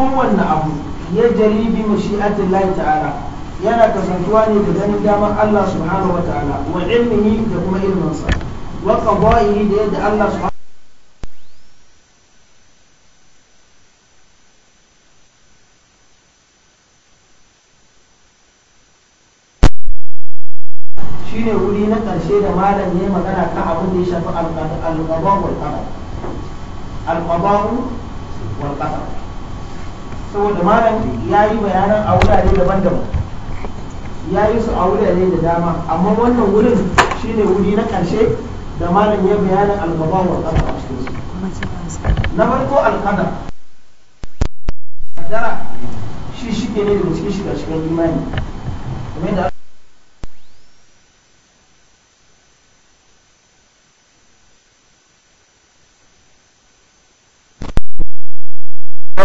كون وانا ابو يجري بمشيئة الله تعالى يانا كسنتواني بدن داما الله سبحانه وتعالى وعلمه لكم علم صار وقضائه ليد الله سبحانه shine wuri na ƙarshe da malam ne magana ta abin da ya shafi alƙabawar saboda malam ya yi bayanan a wurare daban-daban ya yi su a wurare da dama amma wannan wurin shine wuri na ƙarshe da malam ya bayanan algaba wa ƙasa a cikin su na farko alƙada kaddara shi ke ne daga cikin shiga cikin imani kamar yadda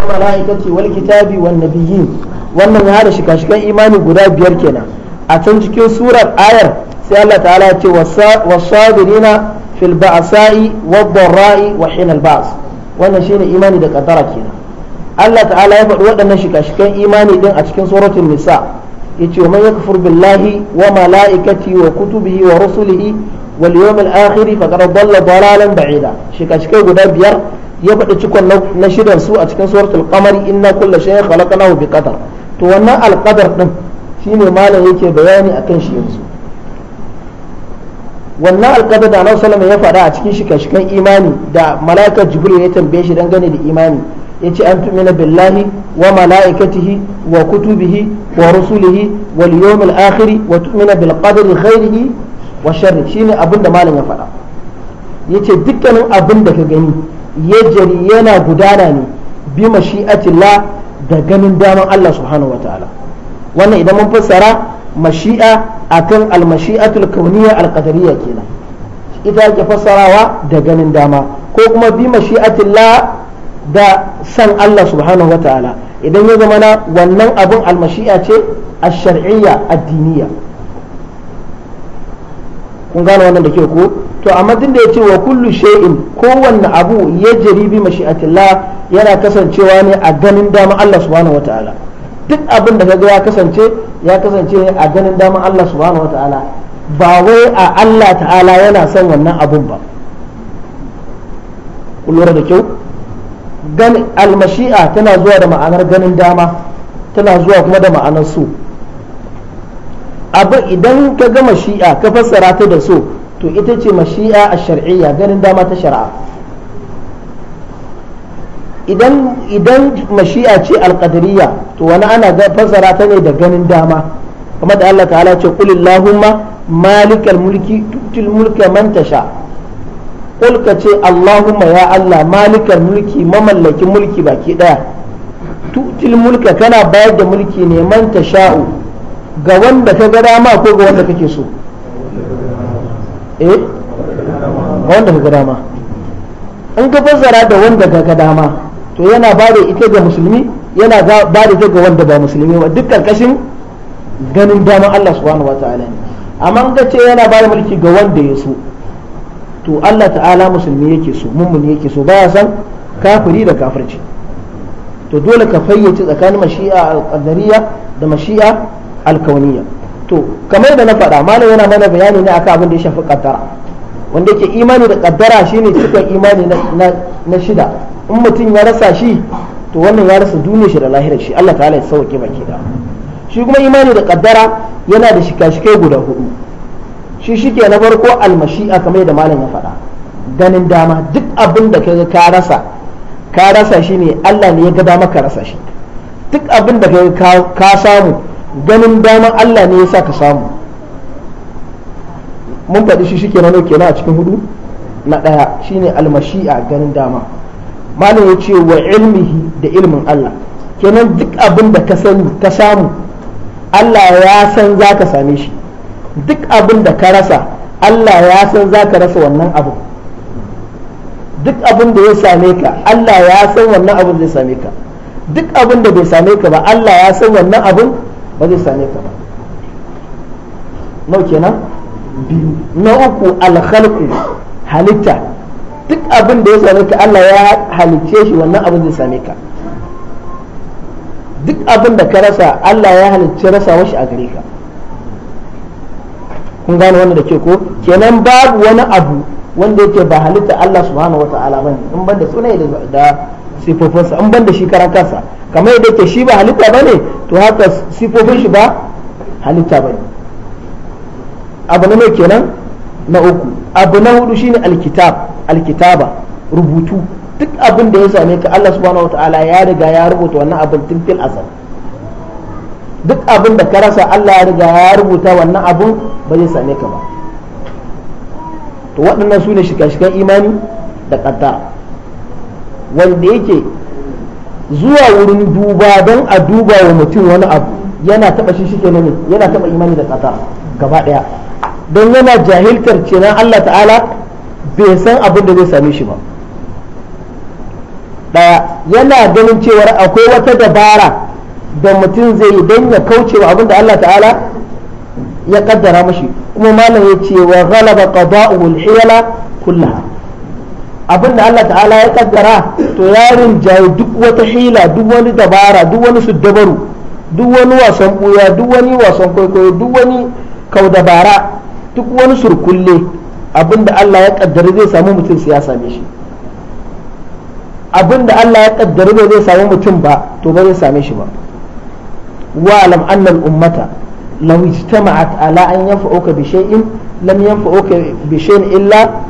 mala'ikati wal kitabi wannan ya hada shika-shikan imani guda biyar kenan a can cikin surar ayar sai Allah ta'ala ya wasu wasabirina fil ba'sa'i wa dharra'i wa hina al ba's wannan shine imani da kaddara kenan Allah ta'ala ya faɗi waɗannan shika-shikan imani din a cikin suratul nisa yace man kafur billahi wa mala'ikati wa kutubihi wa rusulihi wal yawmil akhir faqad dhalla dhalalan ba'ida shika-shikai guda biyar ya faɗi cikon na shidan su a cikin suratul qamari inna kulla shay'in khalaqnahu bi qadar to wannan alqadar din shine malam yake bayani akan shi yanzu wannan alqadar da Annabi sallallahu ya faɗa a cikin shika-shikan imani da mala'ikar jibril ya tambaye shi dangane da imani yace an tu'mina billahi wa mala'ikatihi wa kutubihi wa rusulihi wal yawmil akhir wa tu'mina bil qadri khairihi wa sharri shine abinda malam ya faɗa yace dukkanin abin da ka gani yajri yana gudana ne bi mashi'atillah da ganin daman Allah subhanahu wataala wannan idan mun fassara mashi'a akan al-mashi'atul kauniyya al kenan ita ake fassarawa da ganin dama ko kuma bi mashi'atillah da san Allah subhanahu wataala idan ya zama na wannan abin al ce a shariyya addiniya kun gane wannan da ke ko to amma madinda da ya ce wa kullu shay'in kowanne abu ya jaribi mashi'atillah yana kasancewa ne a ganin dama Allah subhanahu wataala duk abin da kaga ya kasance ya kasance ne a ganin dama Allah subhanahu wataala ba wai a Allah ta'ala yana son wannan abun ba kullura da kyau almashi'a tana zuwa da ma'anar ganin dama tana zuwa kuma da ma'anar so abu idan ka gama shi'a ka fassara ta da so to ita ce mashi'a a shar'iyya ganin dama ta shari'a idan idan mashi'a ce alqadariyya to wani ana fassara ta ne da ganin dama kuma da Allah ta'ala ce qul illahumma malikal mulki tutil mulka man tasha qul ka ce allahumma ya Allah malikar mulki mamallakin mulki baki daya tutil mulka kana bayar da mulki ne man tasha'u ga wanda ka ga dama ko ga wanda kake so eh wanda ga dama in ka fassara da wanda ga dama to yana ba da ita ga musulmi yana ba da ita ga wanda ba musulmi ba duk karkashin ganin dama Allah subhanahu wataala ne amma in ka ce yana ba da mulki ga wanda ya so to Allah ta'ala musulmi yake so mummuni yake so baya san kafiri da kafirci to dole ka fayyace tsakanin mashi'a al-qadariyya da mashi'a al kawniyya to kamar da na faɗa malam yana mana bayani ne akan abin da ya shafi kaddara wanda yake imani da kaddara shine cikin imani na shida in mutum ya rasa shi to wannan ya rasa duniyar shi da lahirar shi Allah ta'ala ya sauke baki da shi kuma imani da kaddara yana da shika shike guda hudu shi shike na farko almashi'a kamar da malam ya faɗa ganin dama duk abin da kaga ka rasa ka rasa shi ne Allah ne ya ga dama ka rasa shi duk abin da kaga ka samu ganin dama Allah ne ya sa ka samu mun faɗi shi ke na a cikin hudu na ɗaya shine almashi'a ganin dama malam ya ce wa ilmihi da ilmin Allah kenan duk abin da ka sani ka samu Allah ya san za ka same shi duk abin da ka rasa Allah ya san za ka rasa wannan abu duk abin da ya same ka Allah ya san wannan abin zai same ka duk abin da bai same ka ba Allah ya san wannan abin ba zai same ka ba nau kenan biyu na uku alhalku halitta duk abin da ya same ka Allah ya halicce shi wannan abin zai same ka duk abin da ka rasa Allah ya halicce rasa washi a gare ka kun gane wannan da ke ko kenan babu wani abu wanda yake ba halitta Allah subhanahu wata'ala bane in ban da sunaye da sifofinsa an ban da shi karan kamar yadda ke shi ba halitta ba ne to haka sifofin shi ba halitta ba ne abu na kenan na uku abu na hudu shine alkitab alkitaba rubutu duk abin da ya same ka Allah subhanahu wataala ya riga ya rubuta wannan abin tun fil asal duk abin da ka rasa Allah ya riga ya rubuta wannan abin ba zai same ka ba to waɗannan su ne shiga shigan imani da ƙaddara wanda yake zuwa wurin duba don a duba wa mutum wani abu yana taba shi shi kenan yana taba imani da kasa gaba daya don yana jahiltar cinan Allah ta'ala bai san abin da zai same shi ba daya yana ganin cewar akwai wata dabara da mutum zai yi don ya kauce wa abin da Allah ta'ala ya kaddara mashi kuma malam ya ce wa ghalaba qada'u al-hiyala kullaha abin da Allah ta'ala ya kaddara to yarin jayi duk wata hila duk wani dabara duk wani suddabaru duk wani wasan buya duk wani wasan kwaikwayo duk wani kau dabara duk wani surkulle abin da Allah ya kaddara zai samu mutum sai ya same shi abin da Allah ya kaddara ba zai samu mutum ba to ba zai same shi ba wa alam annal ummata law ijtama'at ala an yanfa'uka bi shay'in lam yanfa'uka bi shay'in illa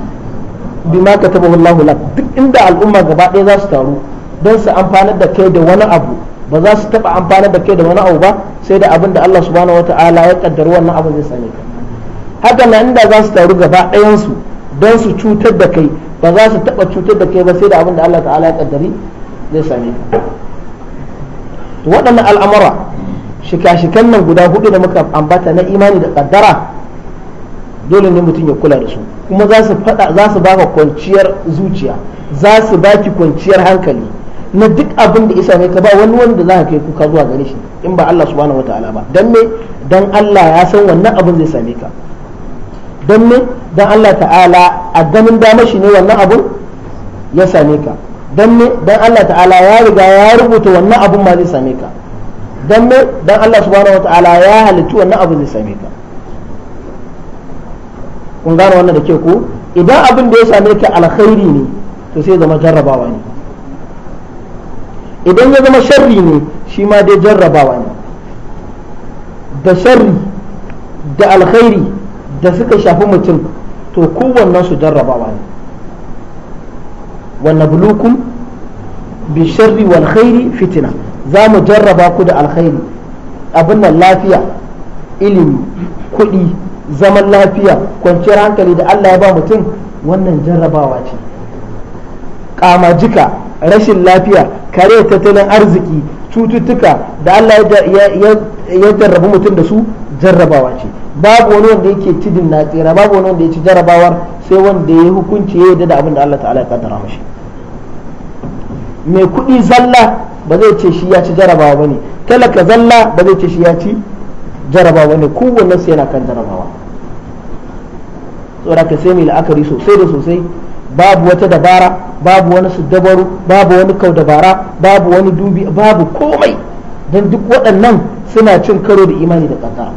bima katabahu Allahu lak duk inda al'umma gaba ɗaya za su taru don su amfanar da kai da wani abu ba za su taba amfanar da kai da wani abu ba sai da abin da Allah subhanahu wataala ya kaddara wannan abu zai same ka haka na inda za su taru gaba ɗayan su don su cutar da kai ba za su taba cutar da kai ba sai da abin da Allah ta'ala ya kaddari zai same ka waɗannan al'amura shika-shikan nan guda hudu da muka ambata na imani da kaddara dole ne mutum ya kula da su kuma za su fada za su baka kwanciyar zuciya za su baki kwanciyar hankali na duk abin da isa ne ka ba wani wanda za ka kai kuka zuwa gare shi in ba Allah subhanahu wataala ba dan me dan Allah ya san wannan abin zai same ka dan me dan Allah ta'ala a ganin dama shi ne wannan abin ya same ka dan me dan Allah ta'ala ya riga ya rubuta wannan abin ma zai same ka dan me dan Allah subhanahu wataala ya halittu wannan abin zai same ka kun gane wannan da ke ko idan abin da ya same ka alkhairi ne to sai zama jarrabawa ne idan ya zama sharri ne shi ma dai jarrabawa ne da sharri da alkhairi da suka shafi mutum to kowannen su jarrabawa ne wannan bulukun bi sharri wal khairi fitina za mu jarraba ku da alkhairi abin nan lafiya ilimi kuɗi zaman lafiya kwanciyar hankali da Allah ya ba mutum wannan jarrabawa ce kamajika rashin lafiya kare tattalin arziki cututtuka da Allah ya jarrabu mutum da su jarrabawa ce babu wani wanda yake cidin na tsira babu wani wanda ya ci jarrabawar sai wanda ya hukunci ya yi da abin da Allah ta'ala ya kaddara mashi mai kuɗi zalla ba zai ce shi ya ci jarrabawa bane talaka zalla ba zai ce shi ya ci jarrabawa bane kowanne sai yana kan jarrabawa saboda ka sai mai la'akari sosai da sosai babu wata dabara babu wani su dabaru babu wani kau dabara babu wani dubi babu komai don duk waɗannan suna cin karo da imani da ƙasa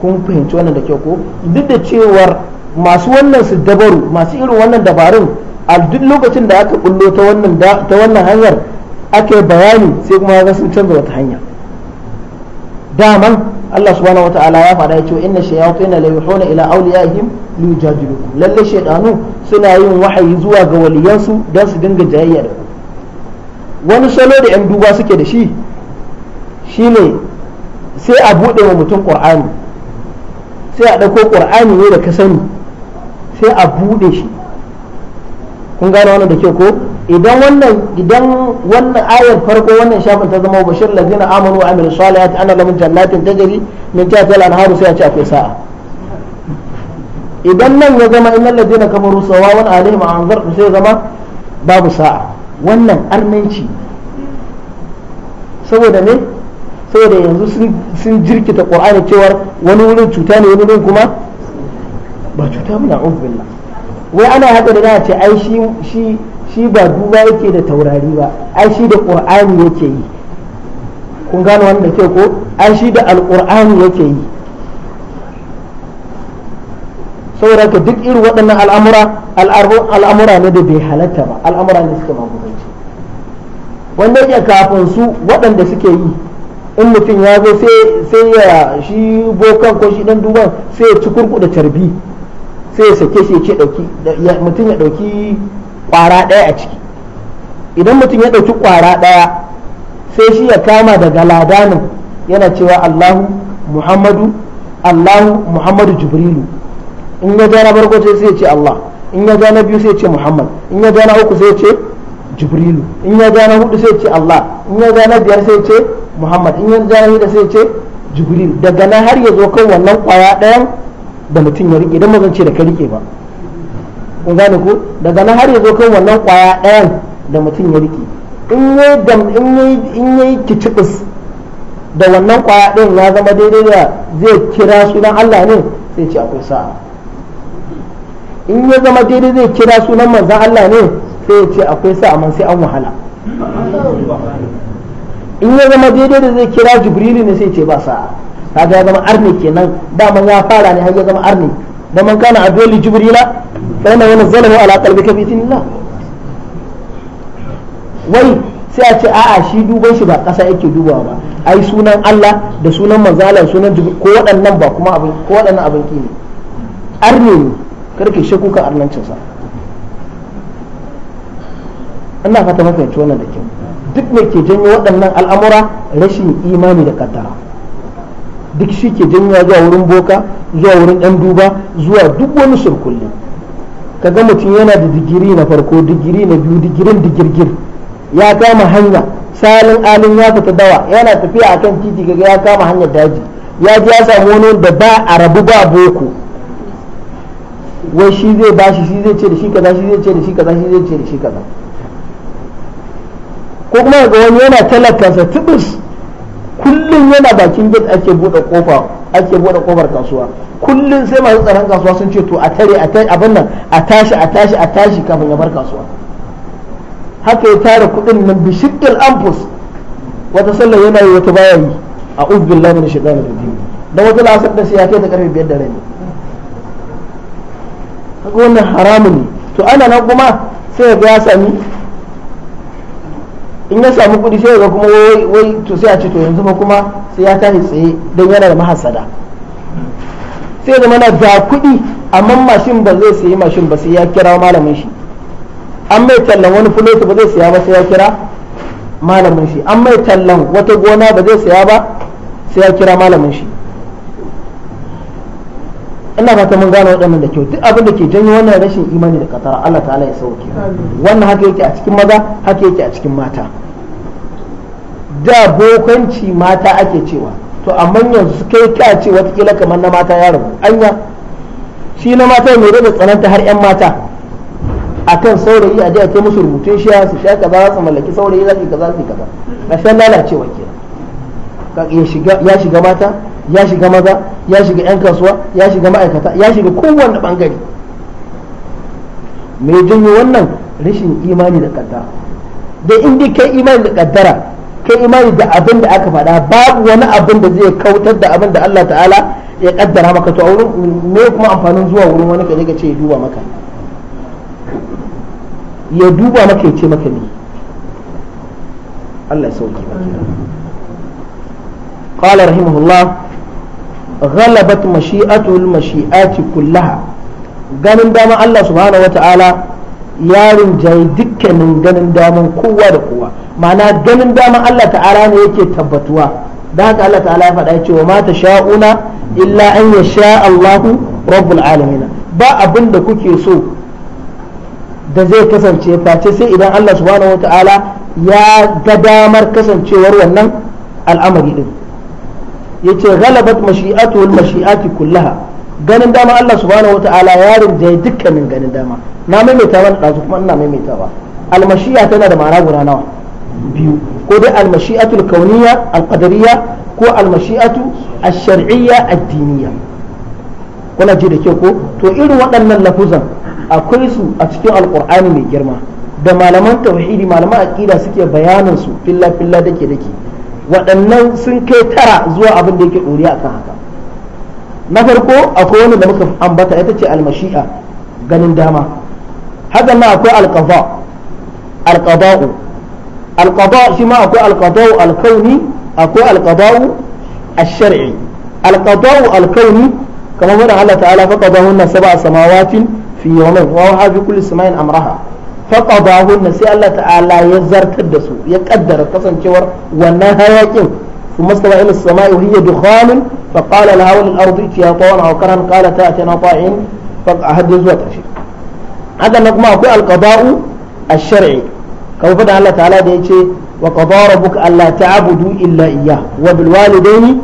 kun fahimci wannan da kyau ko duk da cewar masu wannan su dabaru masu irin wannan dabarun a duk lokacin da aka bullo ta wannan hanyar aka bayani sai kuma ga sun canza wata hanya daman Allah subhanahu wataala ya faɗa yace inna shayatin la yuhuna ila li yujadilukum lalle shaytanu suna yin wahayi zuwa ga waliyansu dan su dinga jayayya da wani salo da yan duba suke da shi shine sai a bude wa mutum qur'ani sai a dauko qur'ani ne da ka sani sai a bude shi kun gano wannan da ke ko idan wannan idan wannan ayar farko wannan shafin ta zama bashir ladina amanu wa amilu salihati ana lahum jannatin tajri min tahtiha al-anharu sai a ce akwai sa'a idan nan ya zama innal ladina kafaru sawawan alaihim anzar sai zama babu sa'a wannan arnanci saboda ne saboda yanzu sun jirkita qur'ani cewar wani wurin cuta ne wani wurin kuma ba cuta muna billah wai ana haka da za ce ai shi shi ba duba yake da taurari ba ai shi da qur'ani yake yi kun gano wanda ke ko ai shi da alqur'ani yake yi saboda ka duk irin waɗannan al'amura al'amura ne da bai halatta ba al'amura ne suke magudanci wanda yake kafin su waɗanda suke yi in mutum ya zo sai ya shi bokan ko shi dan duban sai ya ci kurkuda tarbi sai ya sake shi ya ce mutum ya ɗauki kwara ɗaya a ciki idan mutum ya ɗauki kwara ɗaya sai shi ya kama daga ladanin yana cewa Allahu Muhammadu Allahu Muhammadu Jibrilu in ya ja na farko sai ya ce Allah in ya ja na biyu sai ya ce Muhammad in ya ja na uku sai ya ce Jibrilu in ya ja na hudu sai ya ce Allah in ya ja na biyar sai ya ce Muhammad in ya ja na hudu sai ya ce jibrilu daga nan har ya zo kan wannan kwaya ɗayan da mutum ya rike idan mazan ce da ka rike ba kun gane ko daga nan har ya zo kan wannan kwaya ɗayan da mutum ya rike in ya in in yi kicibis da wannan kwaya ɗin ya zama daidai da zai kira sunan Allah ne sai ce akwai sa'a in ya zama daidai zai kira sunan manzan Allah ne sai ya ce akwai sa'a man sai an wahala in ya zama daidai da zai kira jibrilu ne sai ce ba sa'a kaga ya zama arni kenan dama ya fara ne har ya zama arni na man kana a li jibrila fa inna yanzalahu ala ka bi idnillah wai sai a ce a'a shi duban shi ba ƙasa yake dubawa ba ai sunan Allah da sunan manzala sunan jibril ko waɗannan ba kuma abin ko waɗannan abin ki ne arne ne karke shakku kan arnancin sa ina fata mafi wannan da kyau duk me ke janyo waɗannan al'amura rashin imani da kaddara duk shi ke janyowa zuwa wurin boka zuwa wurin ɗan duba zuwa duk wani surkulli kaga mutum yana da digiri na farko digiri na biyu digirin digirgir ya kama hanya salin alin ya fita dawa yana tafiya a kan titi kaga ya kama hanyar daji ya ji ya samu wani da ba a rabu ba boko wai shi zai bashi shi zai ce da shi kaza shi zai ce da shi kaza shi zai ce da shi kaza ko kuma ga wani yana talakansa tubus kullum yana bakin gate ake bude kofa ake bude kofar kasuwa kullum sai masu tsaron kasuwa sun ce to a tare a tare abin nan a tashi a tashi a tashi kafin ya bar kasuwa haka ya tara kudin nan bi shiqqil anfus wata sallar yana yi wata baya yi a lamarin min da rajim da wata lasar da sai ya kai ta karfe biyar da rabi haka wannan haramun ne to ana nan kuma sai ya ga ya sami in ya samu kuɗi sai ga kuma wai to sai a ce to yanzu ma kuma sai ya tashi tsaye don yana da mahasada sai da mana ga kuɗi amma mashin ba zai sayi mashin ba sai ya kira malamin shi an mai tallan wani fuloti ba zai saya ba sai ya kira malamin shi an mai tallan wata gona ba zai saya ba sai ya kira malamin shi ina fata mun gane waɗannan da kyau duk abin da ke janyo wannan rashin imani da katara Allah ta'ala ya sauke wannan haka yake a cikin maza haka yake a cikin mata da bokanci mata ake cewa to amma yanzu su kai ka ce watakila kamar na mata ya rabu anya shi na mata mai da tsananta har yan mata akan saurayi a jiya kai musu rubutun shiya su sha kaza su mallaki saurayi za su kaza su kaza rashin lalacewa kenan ya shiga mata ya shiga maza ya shiga 'yan kasuwa ya shiga ma'aikata ya shiga kowanne bangare mai janyo wannan rashin imani da kaddara da in kai imani da kaddara ta imani da abin da aka faɗa babu wani abin da zai kautar da abin da Allah ta'ala ya kaddara maka to a wurin me kuma amfanin zuwa wurin wani kaje ka ce ya duba maka ya duba maka ya ce maka ne Allah ya sauke قال رحمه الله غلبت مشيئته المشيئات كلها ganin daman Allah subhanahu wa ta'ala ya rinjayi dukkanin ganin daman kowa da kowa ma'ana ganin dama Allah ta'ala ne yake tabbatuwa da haka Allah ta'ala ya faɗa ce wa mata sha'una illa an ya sha Allahu rabbul alamin ba abin da kuke so da zai kasance face sai idan Allah subhanahu wata'ala ya ga damar kasancewar wannan al'amari din yace ghalabat mashi'atu wal mashi'ati kullaha ganin dama Allah subhanahu wata'ala ya rinjaye dukkanin ganin dama na maimaita mana ɗazu kuma ina maimaita ba al mashi'a tana da ma'ana guda nawa biyu ko dai almashi'atul kauniya alqadariya ko almashi'atu ash-shar'iyya ad diniya kuna ji da kyau ko to irin waɗannan lafuzan akwai su a cikin alqur'ani mai girma da malaman tauhidi malaman aqida suke bayanin su filla filla dake dake waɗannan sun kai tara zuwa abin da yake ɗoriya akan haka na farko akwai wani da muka ambata ita ce almashi'a ganin dama haka ma akwai alqada alqada'u alqada shi ma akwai alqada'u alkauni akwai alqada'u ash-shar'i alqada'u alkauni kamar wani Allah ta'ala fa qadahunna sab'a samawatin fi wa huwa fi kulli samain amraha fa qadahunna sai Allah ta'ala ya zartar da su ya kaddara kasancewar wannan hayakin ثم استوى إلى السماء وهي دخان فقال لها وللأرض ائتيا طوعا أو كرها قالت أتنا طائعين فأهدي زوجها kuma akwai في القضاء الشرعي kawo faɗin Allah ta'ala da ya ce wa qadara rabbuka alla ta'budu illa iyyah wa bil walidaini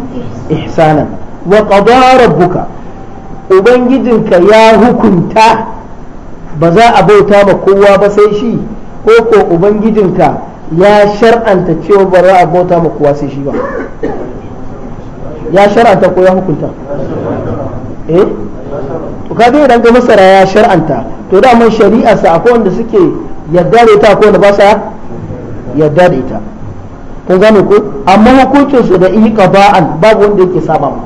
ihsanan wa qadara buka ubangijinka ya hukunta ba za a bauta ma kowa ba sai shi ko ko ubangijinka ya shar'anta cewa ba za a bauta ma kowa sai shi ba ya shar'anta ko ya hukunta eh to kaga idan ga masara ya shar'anta to da mun shari'a sa akwai wanda suke yadda da ita ko da ba sa yadda da ita kun gane ko amma hukuncin su da ihi ba'an babu wanda yake saba ma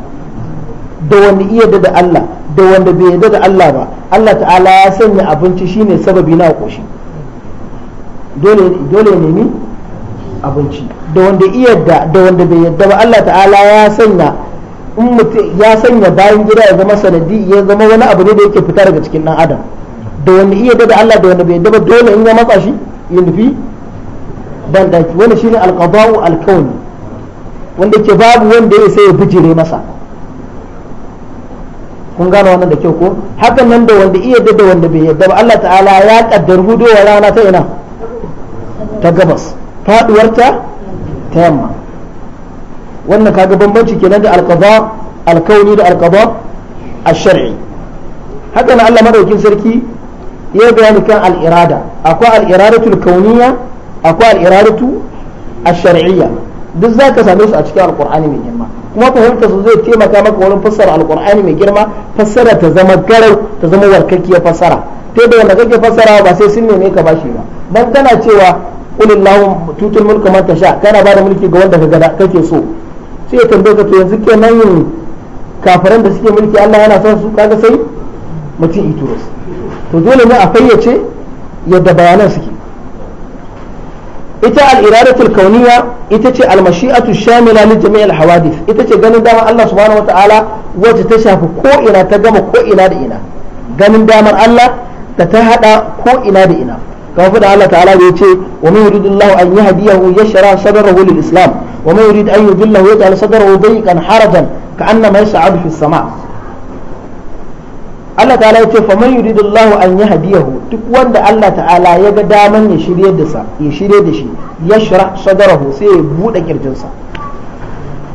da wanda iya da Allah da wanda bai yadda da Allah ba Allah ta'ala ya sanya abinci shine sababi na koshi dole dole ne ni abinci da wanda iya da da wanda bai yadda ba Allah ta'ala ya sanya in mutum ya sanya bayan gida ya zama sanadi ya zama wani abu ne da yake fita daga cikin dan adam da wanda iya da Allah da wanda bai daba dole in ya matsa shi ya nufi ban daki wani shine alqada'u alkauni wanda ke babu wanda ya sai ya bijire masa kun gano wannan da kyau ko hakan nan da wanda iya da wanda bai yadda ba Allah ta'ala ya kaddar hudowa rana ta ina ta gabas faduwarta ta ta yamma wannan kaga bambanci kenan da alqada alkauni da alqada ash-shar'i hakan Allah madaukin sarki ya bayani kan al'irada akwai al'iradatu kauniya akwai al'iradatu a shari'iyya duk ka same su a cikin alkur'ani mai girma kuma fahimta su zai taimaka maka wurin fassara alqur'ani mai girma fassara ta zama garau ta zama warkakkiyar fassara ta da wanda kake fassara ba sai sun neme ka bashi ba dan kana cewa qulillahu tutun mulka man tasha kana bada mulki ga wanda kaga kake so sai ya tambaye ka to yanzu kenan yin kafiran da suke mulki Allah yana son su kaga sai mutum iturus to dole ne a fayyace yadda bayanan suke ita al-iradatul kauniya ita ce al shamila li jami'il hawadith ita ce ganin dama Allah subhanahu wataala wacce ta shafi ko ina ta gama ko ina da ina ganin damar Allah da ta hada ko ina da ina kamar fada Allah ta'ala da ya ce wa man yuridu Allah an shara yashra sadrahu lil islam wa man yurid an yudillahu yaj'al sadrahu dayqan harajan ka'annama yas'adu fis sama' Allah ta'ala ya ce fa man yuridullahu an yahdiyahu duk wanda Allah ta'ala ya ga daman ya shirye da sa ya shirye da shi yashra sadarahu sai ya bude kirjinsa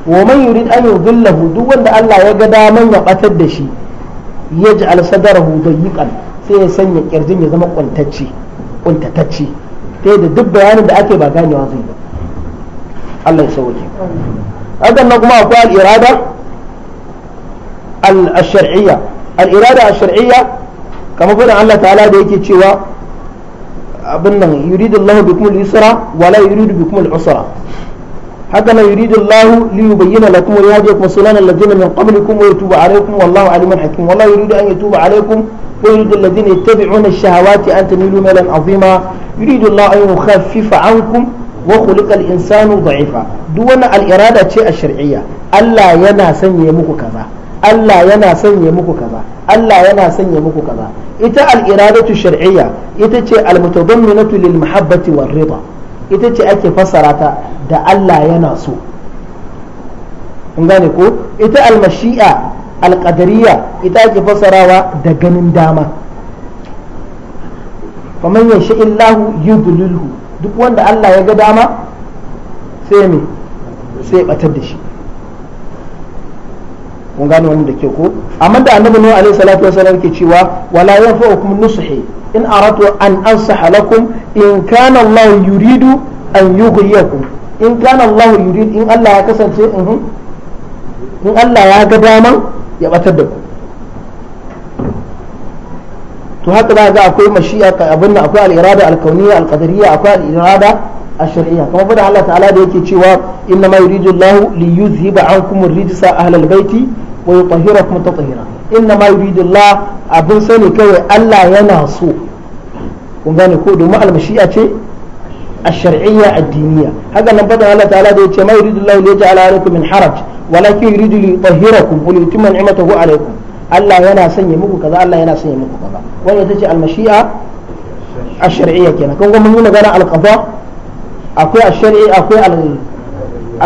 wa man yurid an yudillahu duk wanda Allah ya ga daman ya batar da shi yaj'al sadarahu dayyqan sai ya sanya kirjin ya zama kuntacce kuntatacce ta da duk bayanin da ake ba ganewa zai ba Allah ya sauke hakan na kuma akwai al-irada al-shar'iyya al'irada a ash kamar Allah ta'ala da yake cewa abin nan yuridu Allah bikum al-yusra wa la yuridu bikum al-usra haka nan yuridu Allah li yubayyana lakum wa yahdiyakum sunana alladhina min qablikum wa yatuba alaykum wallahu aliman hakim wa la yuridu an yatuba alaykum ويريد الذين يتبعون الشهوات أن تميلوا ميلا عظيما يريد الله أن يخفف عنكم وخلق الإنسان ضعيفا دون الإرادة الشرعية ألا ينا ya يمك كذا Allah yana sanya muku kaza Allah yana sanya muku kaza ita al-iradatu shar'iyya ita ce al-mutadamminatu lil mahabbati war rida ita ce ake fassara ta da Allah yana so gane ko ita al-mashi'a al-qadariyya ita ake fassarawa da ganin dama faman yashi illahu yudlilhu duk wanda Allah ya ga dama sai me sai batar da shi kun gano wannan da ke ko amma da annabi nuhu alaihi salatu wasallam ke cewa wala yanfa'ukum nusuhi in aratu an ansaha lakum in kana Allah yuridu an yughyikum in kana Allah yuridu in Allah ya kasance mhm, in Allah ya ga daman ya batar da ku to haka za ga akwai mashi'a abin nan akwai al-irada al-kauniyya al-qadariyya akwai al-irada الشرعيه كما فدا الله تعالى da yake cewa inna ma yuridu Allah li yuzhiba ankum ar ahlal baiti ويطهركم تطهيرا انما يريد الله ابن سني كوي الا يناصو kun gane ko domin almashiya ce a shari'iyya addiniya haka nan bada Allah ta'ala da ya ce mai ridu lai leja alaikum min haraj walaki ridu li tahira kun buli timan imatahu alaikum Allah yana sanya muku kaza Allah yana sanya muku kaza wanda ta ce almashiya a shari'iyya kenan kun gwamnan yi magana akwai a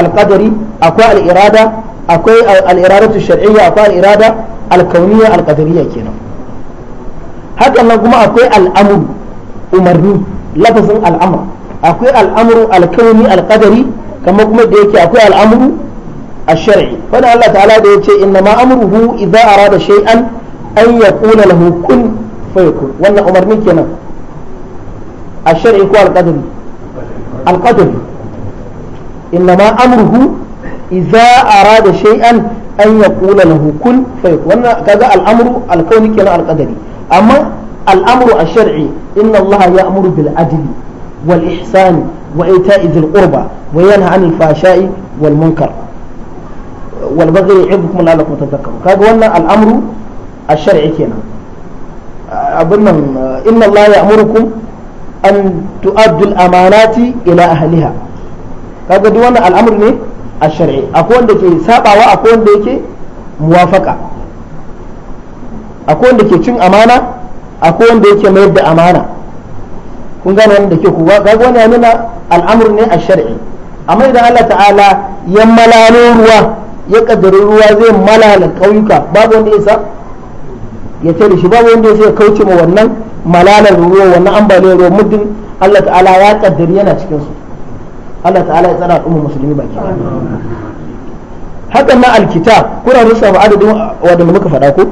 alkadari akwai al'irada akwai al'iradatu shar'iyya akwai al'irada alkauniyya alƙadariya kenan hakan nan kuma akwai al'amuru umarni lafazin al'amur akwai al'amuru alkauni alƙadari kamar kuma da yake akwai al'amuru الشرعي فانا الله تعالى بيتي انما امره an ya kula ان يقول له كن فيكون وانا امرني كنا الشرعي alƙadari القدر القدر انما امره idza arada shay'an an yaqula lahu kun fai wannan kaga al'amru al-kauni kenan al-qadari amma al'amru ash-shar'i inna Allah ya'muru bil adli wal ihsani wa ita'i dhil qurba wa yanha 'anil fahsha'i wal munkar wal baghi yu'idhukum la'allakum tadhakkarun kaga wannan al'amru ash-shar'i kenan abin nan inna Allah ya'murukum an tu'addu al-amanati ila ahliha kaga duk wannan al'amru ne ash a akwai wanda ke sabawa akwai wanda yake muwafaka akwai wanda ke cin amana akwai wanda yake mayar da amana kun gane wanda ke kuwa kaga wani ya nuna al'amur ne a shari amma idan Allah ta'ala ya malalo ruwa ya kaddari ruwa zai malala kauyuka babu wanda isa ya tare shi babu wanda ya kauce ma wannan malalar ruwa wannan ambaliyar ruwa muddin Allah ta'ala ya kaddari yana cikin su Allah ta'ala ya tsara al'ummar musulmi baki hakan na alkitab kuna rusa ba adadin wadanda muka faɗa ko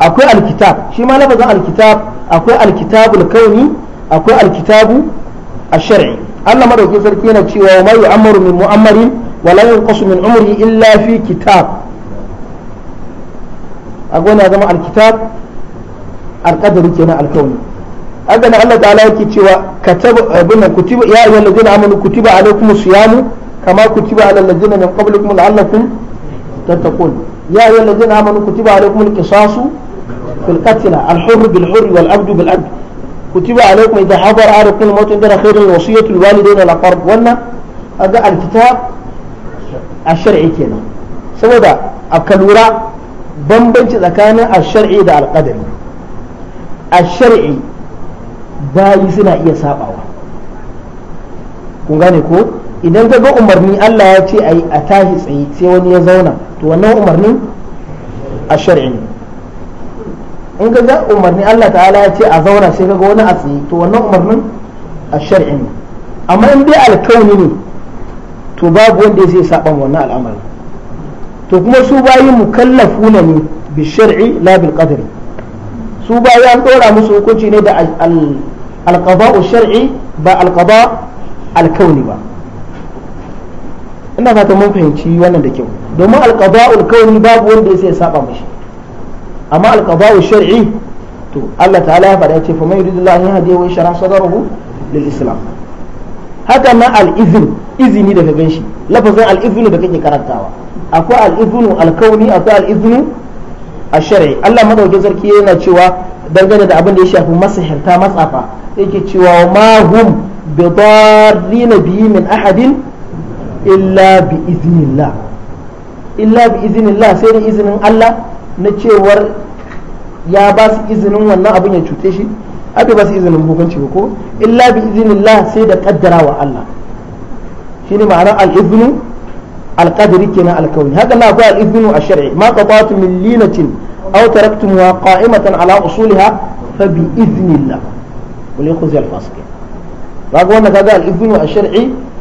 akwai alkitab shi ma lafazin alkitab akwai alkitabul kauni akwai alkitabu a shari Allah madaukin sarki yana cewa wa mai yu'ammaru min mu'ammarin wa la min umri illa fi kitab a gona zama alkitab alqadari kenan alkauni haka nan Allah ta'ala yake cewa kataba abuna kutiba ya ayyuhal amanu kutiba siyamu kama kutiba alal ladzina min qablikum la'allakum tattaqun ya ayyuhal ladzina amanu kutiba fil qatl al hurr bil hurr wal bil abd kutiba alaykum idha hadara ahadukum al-maut indara wasiyatu wal aqrab aga al-kitab shari kenan saboda lura bambanci tsakanin shari da al-qadari ash-shar'i bayi suna iya sabawa kun gane ko idan ka ga umarni Allah ya ce a yi a tashi tsaye sai wani ya zauna to wannan umarnin a shar'i ne in ka ga umarni Allah ta'ala ya ce a zauna sai ka ga wani a tsaye to wannan umarnin a shar'i ne amma in dai alkauni ne to babu wanda ya sai saban wannan al'amarin to kuma su bayi mukallafuna ne bi shar'i la bil qadari su ba ya dora musu hukunci ne da alqada'u shar'i ba alƙaba alkauni ba ina fata mun fahimci wannan da kyau domin alƙaba alkauni babu wanda ya saba mashi amma alqada'u shar'i to Allah ta'ala ya faɗa ya ce fa man ya an yahdihi wa yashrah sadrahu lil islam haka na al-izn izini daga ganshi lafazin al-izn da kake karantawa akwai al-izn al-kauni akwai al-izn a shari'i Allah madaukakin sarki yana cewa dangane da abin da ya shafi masahirta matsafa yake cewa ma hum bidarrina bi min ahadin illa bi iznillah illa bi iznillah sai da izinin Allah na cewar ya ba su izinin wannan abin ya cuce shi abi ba su izinin hukunci ko illa bi iznillah sai da kaddarawa Allah shine ma'anar al-iznu alqadari kenan alkauni haka na akwai al-ibnu ash-shar'i ma qata'tu min linatin aw taraktumuha qa'imatan ala usuliha fa bi idhnillah wa li khuzi al-fasiqin kaga wannan kaga al-ibnu ash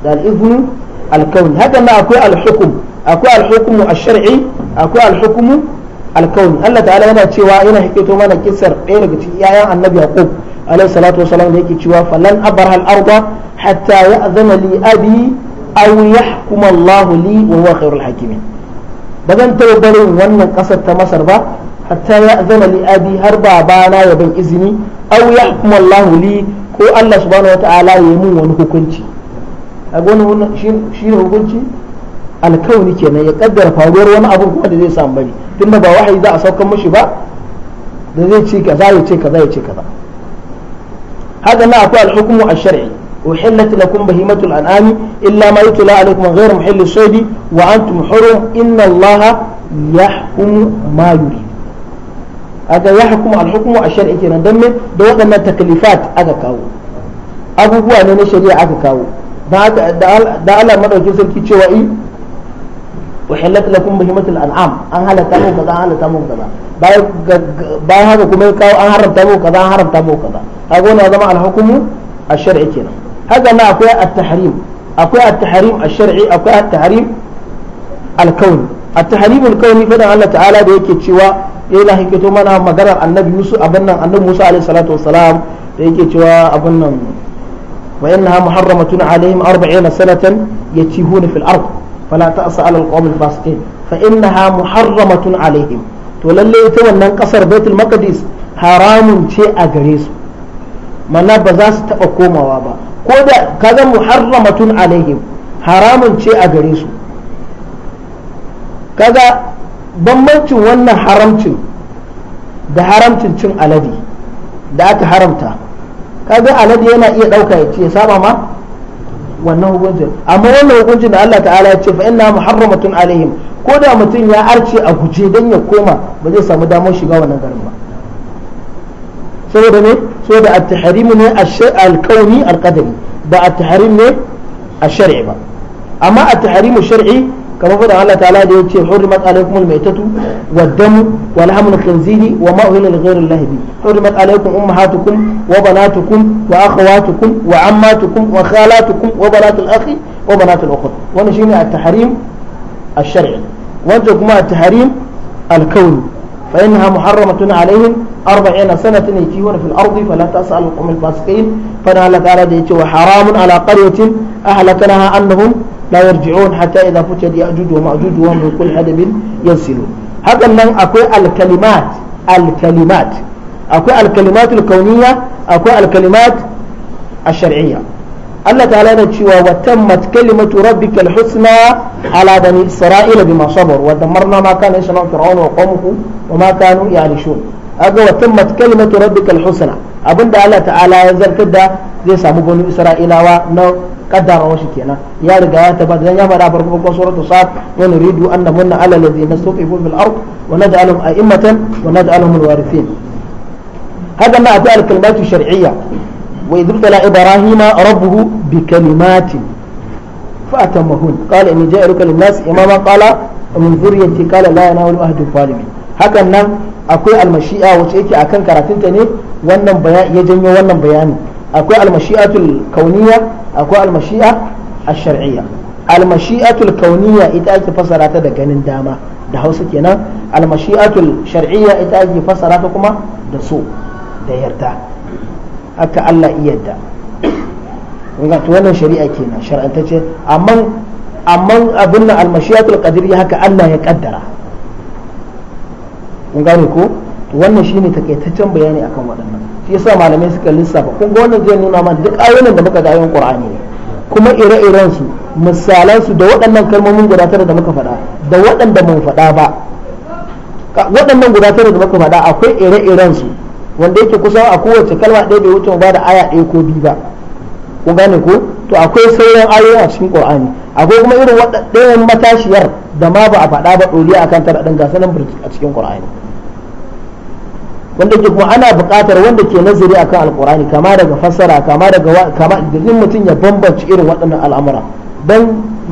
da al-ibnu haka na akwai al akwai al-hukmu ash-shar'i akwai al-hukmu alkauni Allah ta'ala yana cewa yana hikaito mana kisar ɗaya daga cikin yayan annabi yaqub salatu da yake cewa falan abarha al hatta ya'zana li aw yahkuma Allahu li wa huwa khairul hakimin ba zan barin wannan kasar ta Masar ba hatta ya zama li abi har babana ya ban izini aw yahkuma Allahu li ko Allah subhanahu wata'ala ya yi mun wani hukunci a gona shi ne hukunci alkawari kenan ya kaddara faruwar wani abu kuma da zai samu bane tunda ba wahayi za a saukan mashi ba da zai ce kaza ya ce kaza ya ce kaza haka na akwai alhukumu a shari'i أحلت لكم بهيمة الأنعام إلا ما يتلى عليكم غير محل الصيد وأنتم حرم إن الله يحكم ما يريد هذا يحكم الحكم الشرعي كنا دم دوت أن التكليفات هذا كاو أبو بوا أنا شريعة هذا كاو da Allah madaukin sarki cewa i uhillat lakum bihimatul an'am an halatta mu kaza kawo zama haka na akwai a tahrim akwai at akwai at-tahrim al-kauni at-tahrim al-kauni fadan Allah ta'ala da yake cewa ya eh, la hikito mana maganar annabi Yusuf abin nan annabi Musa alaihi salatu wassalam da yake cewa abin nan wa innaha muharramatun alaihim 40 sanatan yatihuna fil ard fala ta'sa 'ala al to lalle ita wannan ƙasar Baitul haramun ce a gare mana ba za su taɓa komawa ba ko da kaga muharramatun alaihim haramun ce a gare su kaga bambancin wannan haramcin da haramcin cin alade da aka haramta kaga alade yana iya ɗauka ya ce saba ma wannan hukuncin amma wannan hukuncin da Allah ta'ala ya ce fa inna muharramatun alaihim ko da mutum ya arce a guje dan ya koma ba zai samu damar shiga wannan garin ba saboda ne saboda at-tahrim ne al-kauni al-qadari ba at-tahrim ne al-shar'i ba amma at-tahrim al-shar'i kama fada Allah ta'ala da yace hurrimat alaykum al-maytatu wad-damu wal hamlu khinziri wa ma uhilla li ghayri Allah bi hurrimat alaykum ummahatukum wa banatukum wa akhawatukum wa ammatukum wa khalatukum wa banat al-akhi wa banat al-ukht wannan shine at-tahrim al-shar'i wanda kuma at-tahrim al-kauni فإنها محرمة عليهم أربعين سنة يتيهون في الأرض فلا تسأل القوم الفاسقين فنال تعالى ديتي وحرام على قرية أهلكناها أنهم لا يرجعون حتى إذا فتت يأجوج ومأجوج وهم من كل حدب ينسلون هذا لن أكو الكلمات الكلمات أكو الكلمات الكونية أكو الكلمات الشرعية Allah ta'ala yana cewa wa tammat kalimatu rabbikal husna ala bani isra'ila bima sabar wa damarna ma kana yasna'u fir'aun wa qawmuhu wa ma kanu ya'rishun aga wa tammat kalimatu rabbikal husna abinda Allah ta'ala ya zartar da zai samu bani isra'ilawa na kaddara shi kenan ya riga ya tabbata dan ya fada farko farko suratul sad wa nuridu an namunna ala alladhina istuqifu fil ard wa naj'aluhum a'immatan wa naj'aluhum alwarithin hada ma ta'al kalimatu shar'iyya wa idh tala ibrahima rabbuhu bi kalimatin fa atammahun qala inni kala lin-nas imama qala min zurriyyati qala la hakan akwai almashi'a wacce yake akan karatunta ne wannan ya janyo wannan bayani akwai almashi'atul kauniya akwai almashi'a ash-shar'iyya almashi'atul kauniya ita ake fasara ta da ganin dama da Hausa kenan almashi'atul shar'iyya ita ake fasara ta kuma da so da yarda haka Allah iya yadda kunga to wannan shari'a kenan shar'antacce amma amma abin nan almashiyatul ya haka Allah ya kaddara kun gane ko to wannan shine takaitaccen bayani akan waɗannan shi yasa malamai suka lissafa kun ga wannan zai nuna mana duk ayoyin da muka ga ayoyin Qur'ani ne kuma ire-iren su misalan su da waɗannan kalmomin guda tara da muka faɗa da waɗanda mun faɗa ba waɗannan guda tara da muka faɗa akwai ire-iren su wanda yake kusa a kowace kalma ɗaya bai wuce ba da aya ɗaya ko biyu ba ku gane ko to akwai sauran ayoyi a cikin qur'ani akwai kuma irin waɗannan matashiyar da ma ba a faɗa ba a akan tara ɗin gasa nan a cikin qur'ani wanda ke kuma ana buƙatar wanda ke nazari akan alqur'ani kama daga fassara kama daga kama da mutum ya bambance irin waɗannan al'amura dan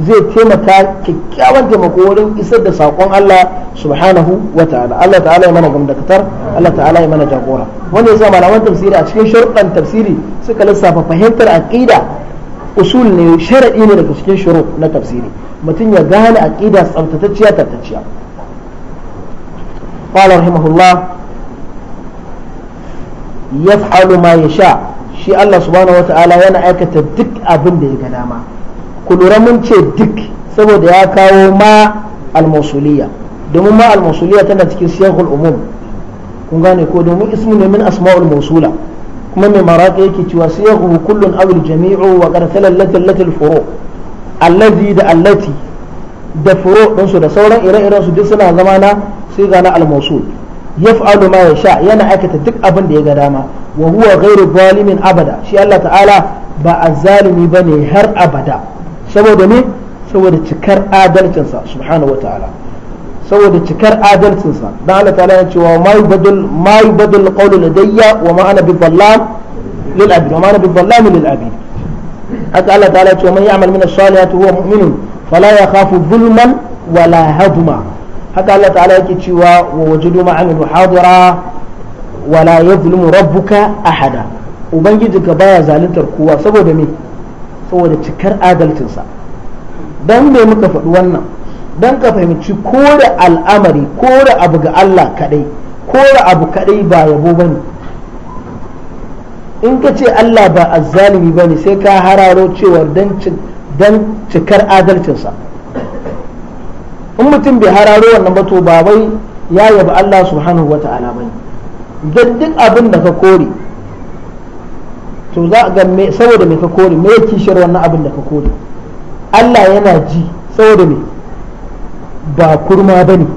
zai taimaka kyakkyawan taimako wurin isar da sakon Allah subhanahu wa ta'ala Allah ta'ala ya mana gamdakatar Allah ta'ala ya mana jagora wanda ya zama malaman tafsiri a cikin sharuɗan tafsiri suka lissafa fahimtar aqida usul ne sharadi ne daga cikin shuru na tafsiri mutum ya gane aqida tsaftatacciya tattaciya قال رحمه الله ma ما shi Allah subhanahu wataala yana aikata duk abin da ya ga dama ku lura mun ce duk saboda ya kawo ma al-mausuliyya domin ma al-mausuliyya tana cikin siyahul umum kun gane ko domin ismu ne min asma'ul musula kuma mai maraka yake cewa siyahu kullun aw jamiu wa qad talallata allati furu allazi da allati da furu din su da sauran ire-iren su duk suna zama na sai ga na al-mausul yaf'alu ma yasha yana aikata duk abin da ya ga dama wa huwa ghairu zalimin abada shi Allah ta'ala ba azzalimi bane har abada saboda ne saboda cikar adalcinsa subhanahu wa ta'ala saboda cikar adalcinsa dan Allah ta'ala ya ce wa ma yubadul ma yubadul qawlu ladayya wa ma ana bidallam lil abid wa ma ana bidallam lil abid haka Allah ta'ala ya ce man ya'mal min as-salihati huwa mu'minun fala yakhafu dhulman wala hadma haka Allah ta'ala yake cewa wa wajadu ma amilu hadira wala yadhlimu rabbuka ahada ubangijinka baya zaluntar kowa saboda me saboda cikar adalcinsa don me muka faɗi wannan don ka fahimci ko al'amari ko abu ga Allah kaɗai ko da abu kadai ba yabo ba ne in ka ce Allah ba azzalimi ba ne sai ka hararo cewar don cikar adalcinsa in mutum bai hararo wannan ba to ba wai ya yaba Allah subhanahu wa wata ba ne duk abin da ka kore to za a ga saboda me ka kore me yake kishiyar wannan abin da ka kore Allah yana ji saboda me ba kurma bane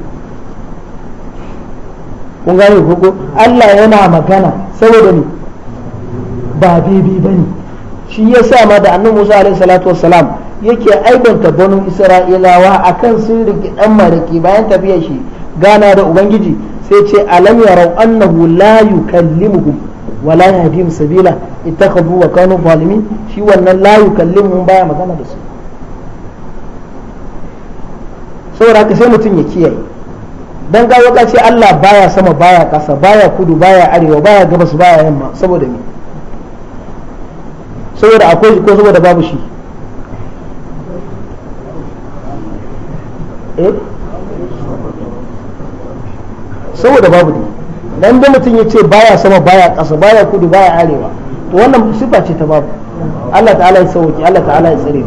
kun gane ko Allah yana magana saboda me ba bibi bane shi yasa ma da annabi Musa alaihi salatu wassalam yake aibanta banu Isra'ilawa akan sun riki dan mariki bayan tafiyar shi gana da ubangiji sai ce alam yarau annahu la yukallimuhum wala yahdihim sabila ittakhadhu wa kanu zalimin shi wannan la yukallimuhum baya magana da su saboda haka sai mutum ya kiyaye dan ga waka ce Allah baya sama baya kasa baya kudu baya arewa baya gabas baya yamma saboda me saboda akwai shi ko saboda babu shi eh saboda babu ne dan da mutum ya ce baya sama baya kasa baya kudu baya arewa to wannan sifa ce ta babu Allah ta'ala ya sauki Allah ta'ala ya tsare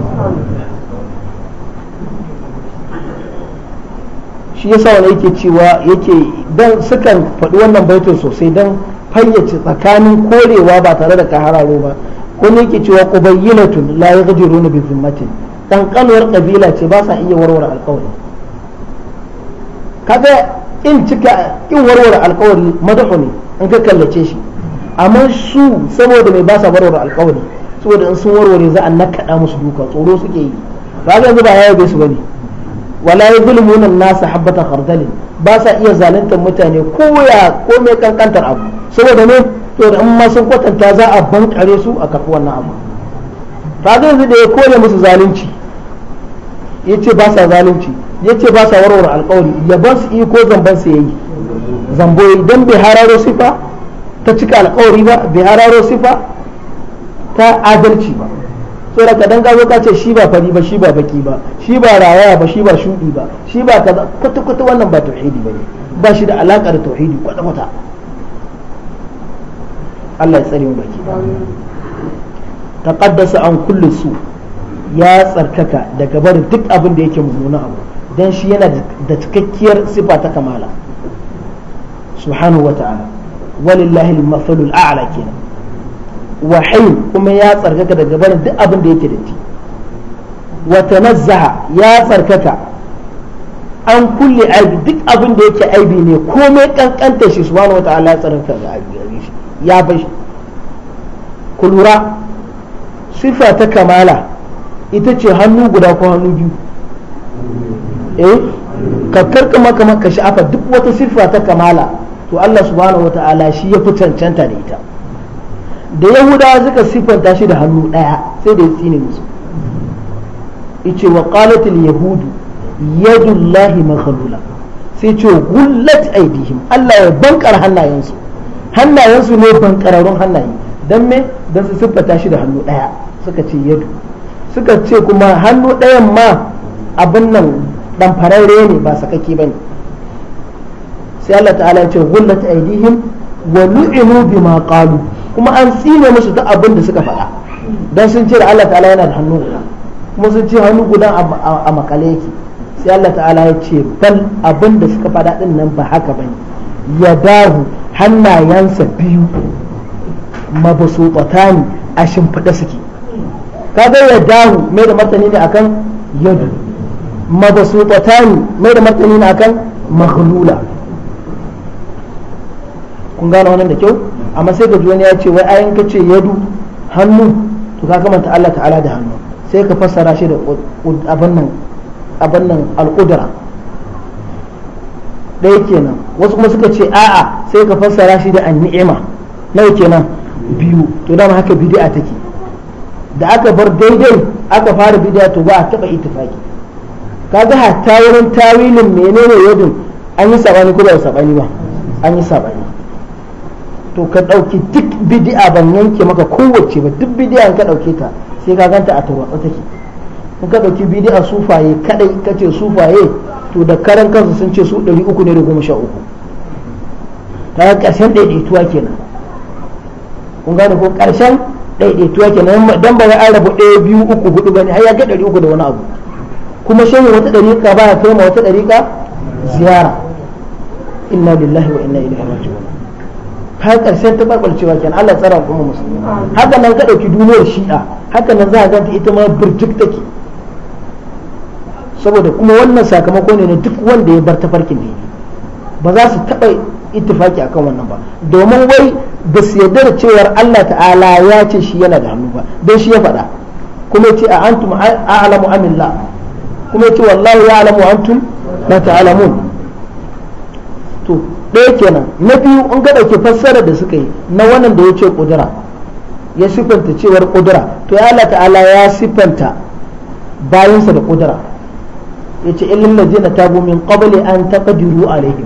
shi yasa wani yake cewa yake dan sukan faɗi wannan baitin sosai dan fayyace tsakanin korewa ba tare da kahararo ba kuma yake cewa qubayyilatun la yaghdiruna bi zimmatin kanwar kabila ce ba sa iya warware alƙawari kaga in cika in warware alƙawari madahu ne in ka kallace shi amma su saboda mai ba sa warware alkawari saboda in sun warware za a nakaɗa musu duka tsoro suke yi ba ga yanzu ba ya yabe su bane wala ya zulmuna nasa habbata khardalin ba sa iya zaluntar mutane ko ya ko mai kankantar abu saboda ne saboda in ma sun kwatanta za a bankare su a karɓi wannan abu ba ga yanzu da ya kore musu zalunci ya ce ba sa zalunci ya ce ba sa warware alkawari ya ba su iko zamban su yayi zambo idan bai hararo sifa ta cika alkawari ba bai hararo sifa ta adalci ba saboda ka dan gazo ka ce shi ba fari ba shi ba baki ba shi ba rawaya ba shi ba shudi ba shi ba kaza kwata kwata wannan ba tauhidi ba ne ba shi da alaka da tauhidi kwata kwata Allah ya tsare mu baki taqaddasa an kulli su ya tsarkaka daga barin duk abin da yake mummuna abu dan shi yana da cikakkiyar sifa ta kamala subhanahu wata'ala walillahi al-masalul a'la kenan wahayi kuma ya tsarkaka daga barin duk abin da yake datti wa tanazzaha ya tsarkaka an kulle aibi duk abin da yake aibi ne komai kankanta shi subhanahu wata'ala ya tsarkaka ga aibi ya bai ku lura sifa ta kamala ita ce hannu guda ko hannu biyu eh ka karkama kamar ka sha'afa duk wata sifa ta kamala to Allah subhanahu wata'ala shi ya fi cancanta da ita da yahudawa suka siffanta shi da hannu ɗaya sai da ya tsine musu ice wa qalatil yahudu yadullahi maghlula sai ce gullat aidihim Allah ya bankar hannayensu hannayensu ne bankararrun hannaye dan me dan su siffanta shi da hannu ɗaya suka ce yadu suka ce kuma hannu ɗayan ma abin nan ɗanfararre ne ba sakake ba sai Allah ta'ala ya ce gullata aidihim wa lu'inu bima qalu kuma an tsine musu duk abin da suka faɗa dan sun ce da Allah ta'ala yana da hannu guda kuma sun ce hannu guda a makale yake sai Allah ta'ala ya ce bal abin da suka faɗa din nan ba haka bane ya dahu hannayensa biyu mabasutatani a shimfiɗa suke kaga ya dahu mai da martani ne akan yadu mabasutatani mai da martani ne akan maghlula kun gane wannan da kyau amma sai ka ji wani ya ce wai ayin ka ce yadu hannu to ka kamanta Allah ta'ala da hannu sai ka fassara shi da abin nan abin nan al-qudra ɗaya kenan wasu kuma suka ce a'a sai ka fassara shi da na nawa kenan biyu to dama haka bid'a take da aka bar daidai aka fara bid'a to ba a taba ittifaki kaga hatta wurin tawilin menene yadin an yi sabani ko ba sabani ba an yi sabani to ka ɗauki duk bidi'a ban yanke maka kowace ba duk bidi'a ka ɗauke ta sai ka ganta a tarwatsa take in ka ɗauki bidi'a sufaye kadai ka ce sufaye to da karan kansu sun ce su ɗari uku ne da goma sha uku ta ƙarshen ɗaiɗaituwa kenan kun gane ko ƙarshen ɗaiɗaituwa kenan dan ba an rabu ɗaya biyu uku hudu ne har ya ga ɗari uku da wani abu kuma shan wata ɗariƙa ba ya kai ma wata ɗariƙa ziyara inna lillahi wa inna ilaihi raji'un har karshen ta barbarcewa kenan Allah tsara kuma musulmi haka nan ka dauki duniyar shi'a haka nan za ka ganta ita ma burjik take saboda kuma wannan sakamako ne na duk wanda ya bar tafarkin ne ba za su taba ittifaki akan wannan ba domin wai ba su yarda da cewar Allah ta'ala ya ce shi yana da hannu ba dan shi ya faɗa kuma ya ce a antum a'lamu amilla kuma ya ce wallahu ya'lamu antum la ta'lamun to ɗaya kenan na biyu in ga ɗauki fassara da suka yi na wannan da ya ce ƙudura ya siffanta cewar ƙudura to ya Allah ta'ala ya siffanta bayansa da ƙudura ya ce ilin da jina tabu min qabli an taqdiru alaihim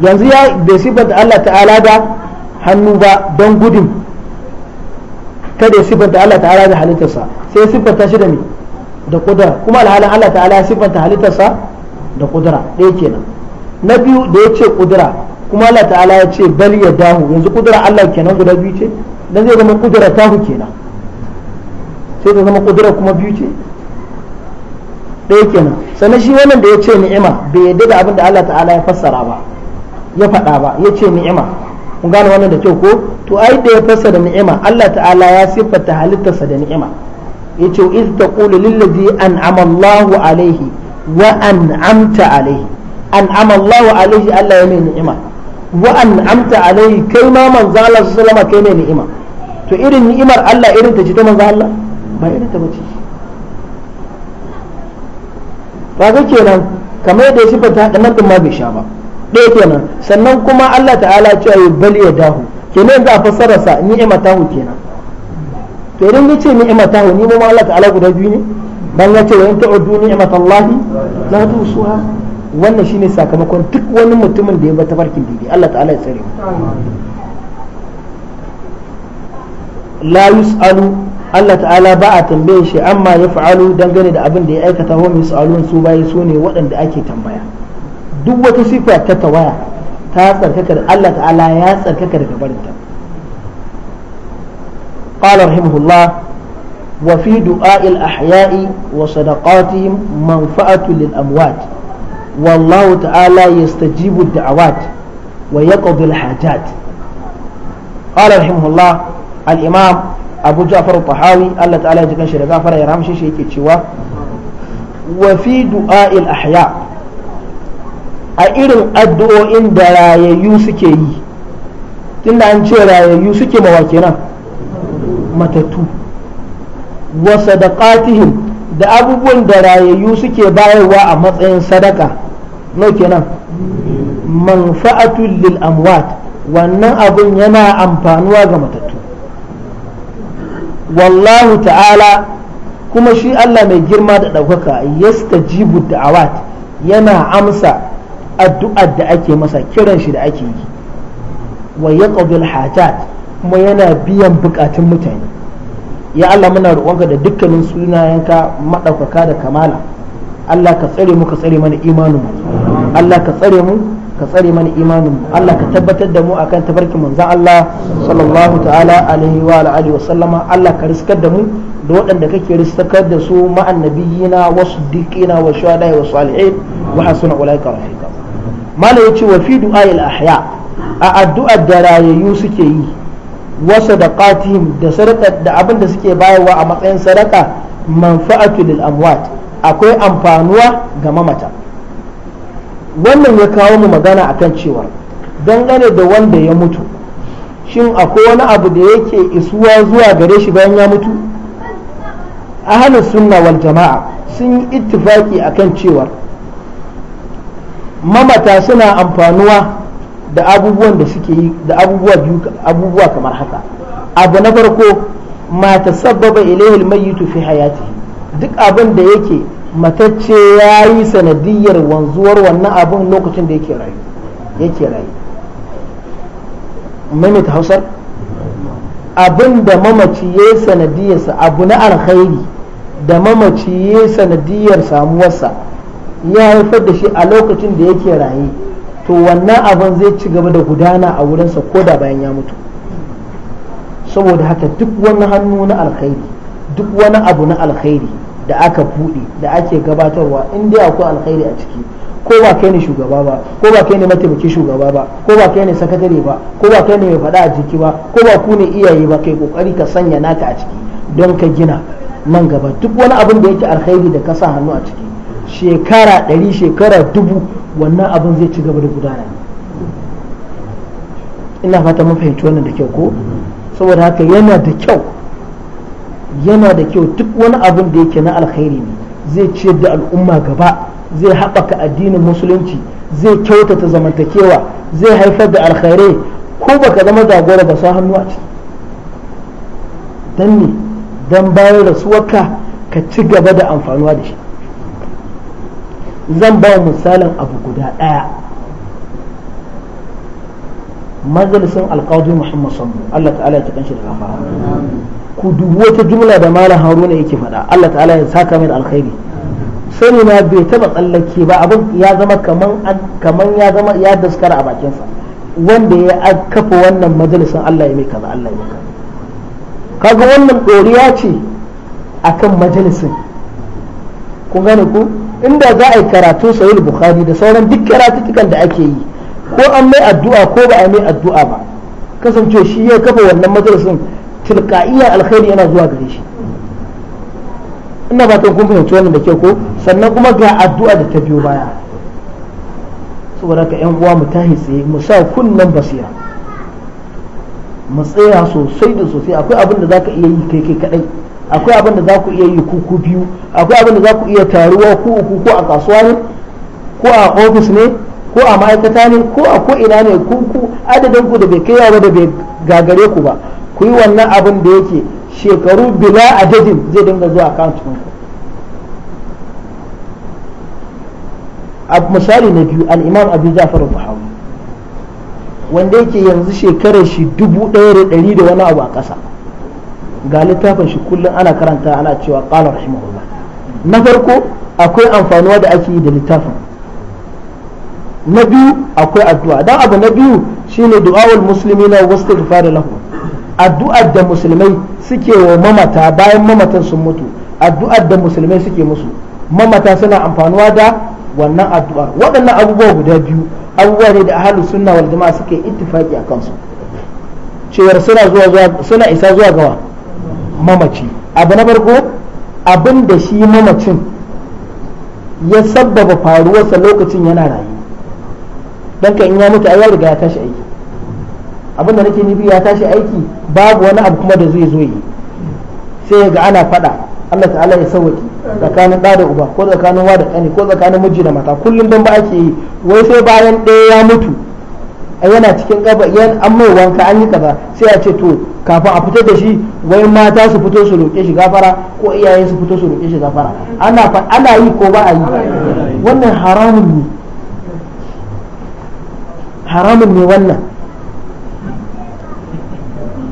yanzu ya bai siffanta Allah ta'ala da hannu ba don gudun kada ya siffanta Allah ta'ala da halittarsa sai ya siffanta shi da me da ƙudura kuma alhalin Allah ta'ala ya siffanta halittarsa da ƙudura ɗaya kenan na biyu da ya ce kudura kuma Allah ta'ala ya ce bal ya dahu yanzu kudura Allah kenan guda biyu ce dan zai zama kudura tahu kenan sai ta zama kudura kuma biyu ce ɗaya kenan sannan shi wannan da ya ce ni'ima bai yadda da abin da Allah ta'ala ya fassara ba ya faɗa ba ya ce ni'ima kun gane wannan da kyau ko to ai da ya fassara ni'ima Allah ta'ala ya siffata halittarsa da ni'ima ya ce iz taqulu lil ladzi an'ama Allahu alaihi wa an'amta alaihi an'ama Allahu alaihi Allah ya nemi ni'ima wa an amta alaihi kai ma manzo Allah sallallahu alaihi kai ne ni'ima to irin ni'imar Allah irin ta ce ta manzo Allah ba irin ta bace kaga kenan kamar da ya sifanta da nan din ma bai sha ba ɗaya kenan sannan kuma Allah ta'ala ya cewa ya bal ya dahu kenan za a fassara sa ni'imatahu kenan to idan ya ce ni'imatahu ni ma Allah ta'ala guda biyu ne dan ya ce wa in ta'uddu ni'matallahi la tusuha wannan shine sakamakon duk wani mutumin da ya bar tafarkin daidai Allah ta'ala ya tsare la yus'alu Allah ta'ala ba a tambaye shi amma ya fa'alu dangane da abin da ya aikata wa misalun su bayi su ne waɗanda ake tambaya duk wata sifa ta tawaya ta tsarkaka da Allah ta'ala ya tsarkaka daga barinta qala rahimahullah wa fi du'a'il ahya'i wa sadaqatihim manfa'atu lil amwat wallahu ta'ala yastajibu da'awat wa yaqdi al-hajat qala rahimahullah al-imam abu ja'far al-tahawi Allah ta'ala ya jikan shi da gafara ya ramshe shi yake cewa wa fi du'a'il ahya a irin addu'o'in da rayayyu suke yi tunda an kenan matattu wa da abubuwan da rayayyu suke bayarwa a matsayin sadaka no kenan manfa'atul lil amwat wannan abun yana amfanuwa ga matattu wallahu ta'ala kuma shi Allah mai girma da ɗaukaka yastajibu da'awat yana amsa addu'ar da ake masa kiran shi da ake yi wa yaqdul hajat kuma yana biyan bukatun mutane ya Allah muna roƙonka da dukkanin sunayenka maɗaukaka da kamala Allah ka tsare mu ka tsare mana imanin mu Allah ka tsare mu ka tsare mana imanin mu Allah ka tabbatar da mu akan tabarkin manzon Allah sallallahu ta'ala alaihi wa alihi wa sallama Allah ka riskar da mu da waɗanda kake riskar da su ma'an nabiyina wa siddiqina wa shuhada wa salihin wa hasuna ulaika rafiqa mala yace wa fi du'a'il ahya a addu'ar da rayayyu suke yi wa sadaqatihim da sadaqat da abin da suke bayarwa a matsayin sadaka manfa'atu lil amwat akwai amfanuwa ga mamata wannan ya kawo mu magana akan cewa dangane da wanda ya mutu shin akwai wani abu da yake isuwa zuwa gare shi bayan ya mutu a sunna wal jama'a sun yi ittifaki akan cewa mamata suna amfanuwa da abubuwan da suke yi da abubuwa biyu abubuwa kamar haka abu na farko ma sababa ilayhi al-mayyitu fi hayatihi duk abin da yake matacce ya yi sanadiyar wanzuwar wannan abin lokacin da yake rayu yake rayu maimaita hausar abin da mamaci ya yi sanadiyarsa abu na alkhairi da mamaci ya yi sanadiyar samuwarsa ya haifar da shi a lokacin da yake raye to wannan abin zai ci gaba da gudana a wurinsa ko da bayan ya mutu saboda haka duk wani hannu na alkhairi duk wani abu na alkhairi da aka buɗe da ake gabatarwa in dai akwai alkhairi a ciki ko ba kai ne shugaba ba ko ba kai ne mataimakin shugaba ba ko ba kai ne sakatare ba ko ba kai ne mai faɗa a jiki ba ko ba ku ne iyaye ba kai kokari ka sanya naka a ciki don ka gina nan gaba duk wani abin da yake alkhairi da ka sa hannu a ciki shekara ɗari shekara dubu wannan abin zai ci gaba da gudana ina fata mun fahimci wannan da kyau ko saboda haka yana da kyau yana da kyau duk wani abin da yake na alkhairi ne zai ciyar da al'umma gaba zai haɓaka addinin musulunci zai kyautata zamantakewa zai haifar da alkhairai ko baka zama jagora ba sa hannu a dan ne dan bayan rasuwarka ka ci gaba da amfanuwa da shi zan ba misalin abu guda ɗaya majalisin alƙawar muhammad sallu allah ta'ala ya ci kanshi da gafara ku dubi wata jumla da malam haruna yake faɗa Allah ta'ala ya saka mai alkhairi sani na bai taba tsallake ba abin ya zama kaman kaman ya zama ya daskara a bakinsa wanda ya kafa wannan majalisin Allah ya mai kaza Allah ya mai kaza kaga wannan ɗoriya ce akan majalisin kun gane ku inda za a yi karatu sahih bukhari da sauran duk karatutukan da ake yi ko an mai addu'a ko ba a mai addu'a ba kasance shi ya kafa wannan majalisin tilka'iyar alkhairi yana zuwa gare shi ina ba ta kun fahimci wannan da ke ko sannan kuma ga addu'a da ta biyo baya saboda ka yan uwa mu tahi tsaye mu sa kunnan basira mu tsaya sosai da sosai akwai abin da zaka iya yi kai kai kadai akwai abin da za ku iya yi kuku biyu akwai abin da za ku iya taruwa ku uku ko a kasuwa ne ko a ofis ne ko a ma'aikata ne ko a ko ina ne ku adadin ku da bai kai yawa da bai gagare ku ba ku yi wannan abin da yake shekaru bila adadin zai dinga zuwa account ɗinku misali na biyu al'imam abu jafar buhawi wanda yake yanzu shekarar shi dubu ɗaya da ɗari da wani abu a ƙasa ga littafin shi kullum ana karanta ana cewa ƙala rahimahullah na farko akwai amfanuwa da ake yi da littafin na biyu akwai addu'a dan abu na biyu shine du'awul muslimina wasu lahu addu'ar da musulmai suke wa mamata bayan mamatan sun mutu addu'ar da musulmai suke musu mamata suna amfanuwa da wannan addu'ar waɗannan abubuwa guda biyu abubuwa ne da ahalu sunna wal jama'a suke ittifaki a kansu cewar suna isa zuwa gawa mamaci abu na farko abin da shi mamacin ya sabbaba faruwarsa lokacin yana rayu don ka in ya mutu a ya riga ya tashi aiki abinda nake nufi ya tashi aiki babu wani abu kuma da zai zo yi sai ga ana fada Allah ta'ala ya sauwaki tsakanin ɗa da uba ko tsakanin wa da ƙani ko tsakanin miji da mata kullum don ba ake yi wai sai bayan ɗaya ya mutu a yana cikin ƙaba yan an mai wanka an yi kaza sai a ce to kafin a fito da shi wai mata su fito su roƙe shi gafara ko iyaye su fito su roƙe shi gafara ana ana yi ko ba a yi wannan haramun ne haramun ne wannan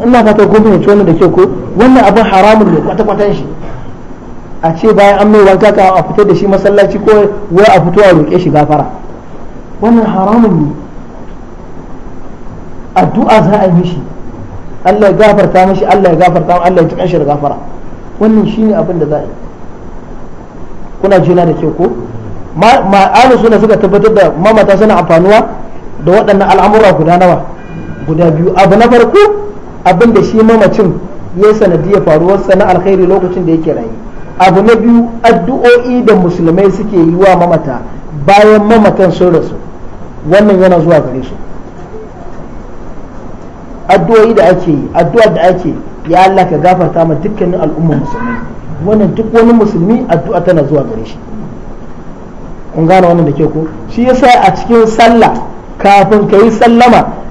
ina fata ko bin cewa da ke ko wannan abin haramun ne kwata kwatan shi a ce bayan an mai wanka ka a fitar da shi masallaci ko wai a fito a roƙe shi gafara wannan haramun ne addu'a za a yi mishi Allah ya gafarta mishi Allah ya gafarta Allah ya tukan shi da gafara wannan shine abin da za a yi kuna jina da ke ko ma'alu suna suka tabbatar da mamata suna amfanuwa da waɗannan al'amura guda nawa guda biyu abu na farko abin da shi mamacin ya sanadiyar faruwarsa na alkhairi lokacin da yake rayu abu na biyu addu'o'i da musulmai suke yi wa mamata bayan mamatan sun rasu wannan yana zuwa gare su addu'o'i da ake yi addu'a da ake ya Allah ka gafarta ma dukkanin al'ummar musulmi wannan duk wani musulmi addu'a tana zuwa gare shi kun gane wannan da ke ko shi yasa a cikin sallah kafin ka yi sallama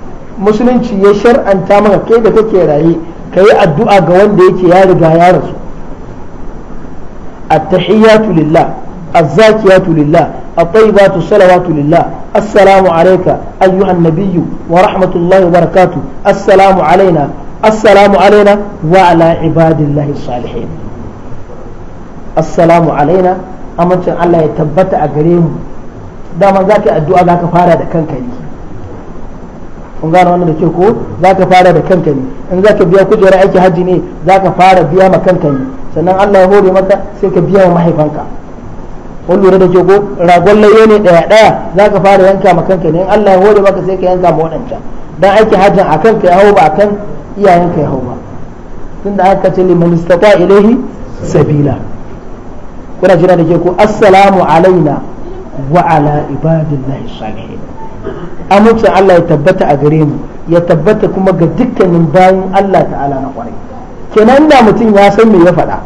musulunci ya shar'anta maka kai da kake raye ka addu’a ga wanda yake ya riga ya rasu attahiyatu lillah azzakiyatu lillah at salawatu lillah assalamu alayka ayyuhan nabiyyu wa rahmatullahi wa barakatuh assalamu alayna assalamu alayna wa ala ibadillahi ya tabbata a gare mu dama zaka addu'a zaka fara da kanka kun gane wannan da ke ko za ka fara da kanka ne in za ka biya kujerar aiki hajji ne za ka fara biya ma kanka ne sannan Allah ya hore maka sai ka biya wa mahaifanka kun lura da ke ko ragon laye ne daya daya za ka fara yanka ma kanka ne in Allah ya hore maka sai ka yanka ma waɗanta dan aiki hajjin a kanka ya hau ba a kan iyayenka ya hau ba tun da aka ce liman istata ilaihi sabila kuna jira da ke ko assalamu alaina wa ala ibadillahi salihin amincin Allah ya tabbata a gare mu ya tabbata kuma ga dukkanin bayan Allah ta'ala na kwarai kenan da mutum ya san me ya faɗa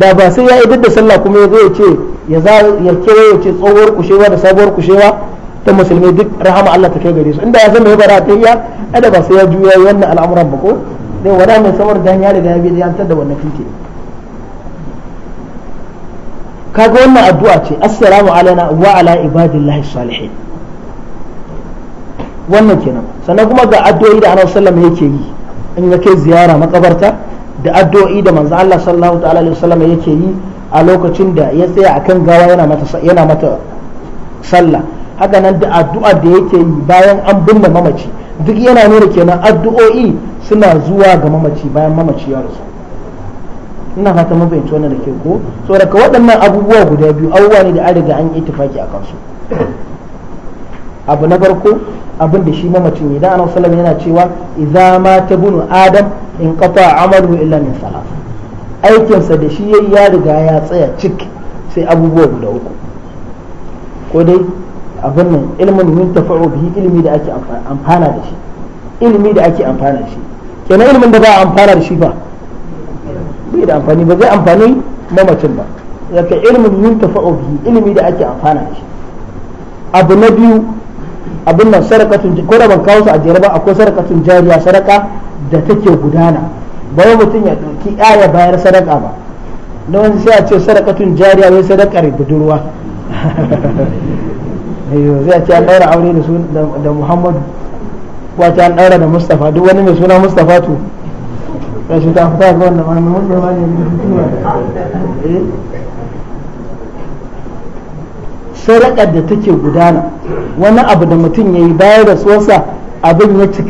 da ba sai ya yi da sallah kuma ya zo ya ce ya za ya ce tsohuwar kushewa da sabuwar kushewa ta musulmi duk rahama Allah ta kai gare su inda ya san me ya faɗa ta ada ba sai ya juya wannan al'amuran ba ko dai wada mai samar da ya riga ya bi ya da wannan titi kaga wannan addu'a ce assalamu alaina wa ala ibadillahi salihin wannan kenan sannan kuma ga addu'o'i da annabi sallallahu alaihi wasallam yake yi in ya kai ziyara makabarta da addu'o'i da manzo Allah sallallahu ta'ala alaihi wasallam yake yi a lokacin da ya tsaya akan gawa yana mata yana mata sallah haka nan da addu'a da yake yi bayan an binne mamaci duk yana nuna kenan addu'o'i suna zuwa ga mamaci bayan mamaci ya rasu ina fata mun bayyana wannan da ke ko saboda waɗannan abubuwa guda biyu abubuwa ne da an riga an yi tafaki a kansu abu na farko abin da shi mamacin ya da annabi sallallahu yana cewa ma ta bunu adam in a amalu illa min salat aikinsa da shi yayi ya riga ya tsaya cik sai abubuwa guda uku ko dai abin nan ilmin min tafa'u bihi ilmi da ake amfana da shi ilmi da ake amfana da shi kenan ilmin da ba a amfana da shi ba bai da amfani ba zai amfani mamacin ba zaka ilmin min tafa'u bihi ilmi da ake amfana da shi abu na biyu abin nan sarakatun ko da ban kawo su a jere ba akwai sarakatun jariya saraka da take gudana ba bai mutum ya ɗauki aya bayar sadaka ba na wani sai a ce sarakatun jariya wai sadakar budurwa zai a ce an daura aure da muhammadu ko ta an daura da mustafa duk wani mai suna mustafa to ya shi ta fita ga wannan wani mustapha ne eh? sarakar da take gudana wani abu da mutum ya yi da tsosa abin ya ci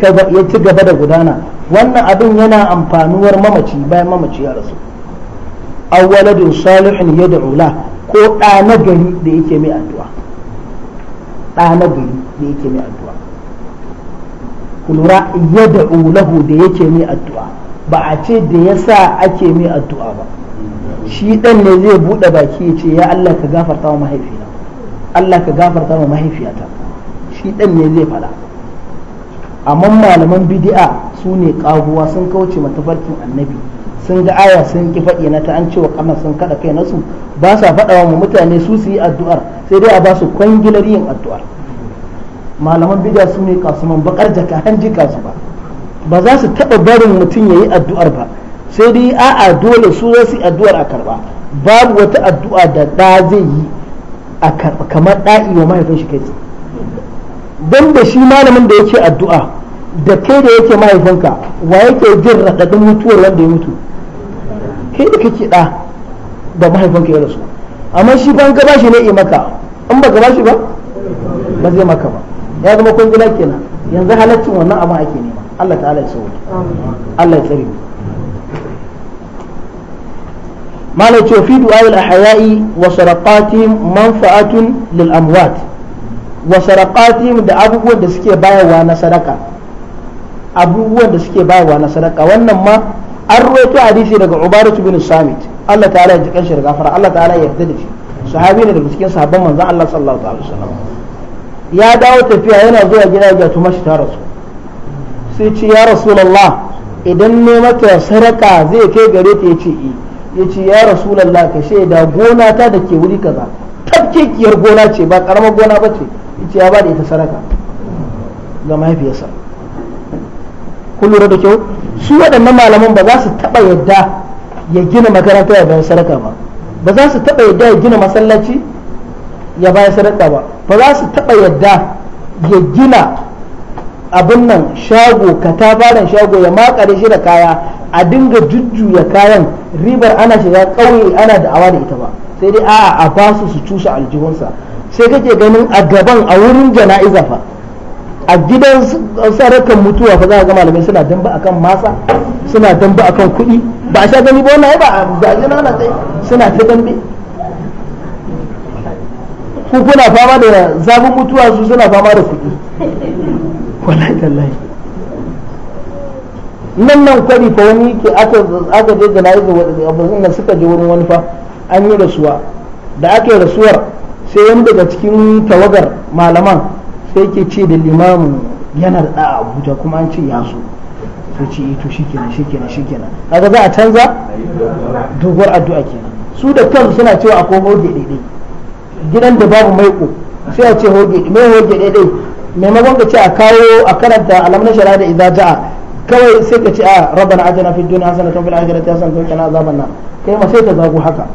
gaba da gudana wannan abin yana amfanuwar mamaci bayan mamaci ya rasu awwaladun salihin ya rula ko ɗana gari da yake mai addu'a ɗana gari da yake mai addu'a kulura ya ulahu da yake mai addu'a ba a ce da ya sa ake mai addu'a ba shi ɗan ne zai buɗe baki ya ce ya Allah ka gafarta wa mahaifina Allah ka gafarta ma mahaifiyata shi dan ne zai faɗa amma malaman bidi'a su ne sun kauce mata matafarkin annabi sun ga aya sun ki faɗi na ta an cewa kama sun kada kai nasu ba sa faɗawa wa mutane su su yi addu'ar sai dai a ba su kwangilar yin addu'ar malaman bid'a su ne kasuman bakar jaka hanji kasu ba ba za su taɓa barin mutum ya yi addu'ar ba sai dai a'a dole su za su yi addu'ar a karba babu wata addu'a da ɗa zai yi kamar da'i wa mahaifin shi kai don da shi malamin da yake addu'a da kai da yake mahaifinka wa yake jin raɗaɗin mutuwar wanda ya mutu kai da kake ɗa da mahaifinka ya rasu amma shi ban gaba shi ne maka in ba gaba shi ba ba zai maka ba ya zama kwangila kenan yanzu halaccin wannan abin ake nema Allah ta'ala ya sauke Allah ya tsare mu malam cewa fi du'a'il ahya'i wa sadaqatihim manfa'atun lil amwat wa sadaqatihim da abubuwan da suke bayarwa abubuwan da suke bayarwa na sadaka wannan ma an rawaito hadisi daga Ubaratu bin Samit Allah ta'ala ya jikan shi da gafara Allah ta'ala ya da shi sahabi ne daga Allah sallallahu ya dawo tafiya yana zuwa gida ya tuma shi ta rasu sai ce ya rasulullah idan ne sadaka zai kai gare yace eh. ya ce ya rasulallah ka shaida gona ta da ke wuri kaza tafkekiyar gona ce ba karamar gona ba ce ce ya ba da ita saraka. ga mahaifiyarsa kun lura da kyau su waɗannan malaman ba za su taɓa yadda ya gina makaranta ya bayan saraka ba ba za su taɓa yadda ya gina masallaci ya bayan saraka ba ba za su taɓa yadda ya gina abin nan shago katafaren shago ya makare shi da kaya a dinga jujjuya kayan ribar ana shiga ƙauye ana da awa da ita ba sai dai a'a a basu su cusa aljihunsa sai kake ganin a gaban a wurin jana'iza fa a gidan sarakan mutuwa fa za ga malamai suna damba akan masa suna damba akan kuɗi ba a sha gani ba wannan ba a jina na tsaye suna ta dambe ku kuna fama da zabin mutuwa su suna fama da kuɗi wallahi tallahi nan nan kwari fa wani yake aka aka je da layi da abin da suka je wurin wani fa an yi rasuwa da aka yi rasuwar sai wani daga cikin tawagar malaman sai ke ce da limamin yana da abuja kuma an ce ya so sai ce ito eh, shikenan shikenan shikenan kaga za a canza doguwar addu'a kenan su da kansu suna cewa akwai hoge daidai gidan da babu maiko sai a ce hoge mai hoge daidai maimakon ka ce a kawo a karanta alam na shara da idza ja'a kawai sai ka ce a ah, rabbana ajina fid dunya hasanatan fil akhirati hasanatan wa qina azaban nar kai ma sai ka zago haka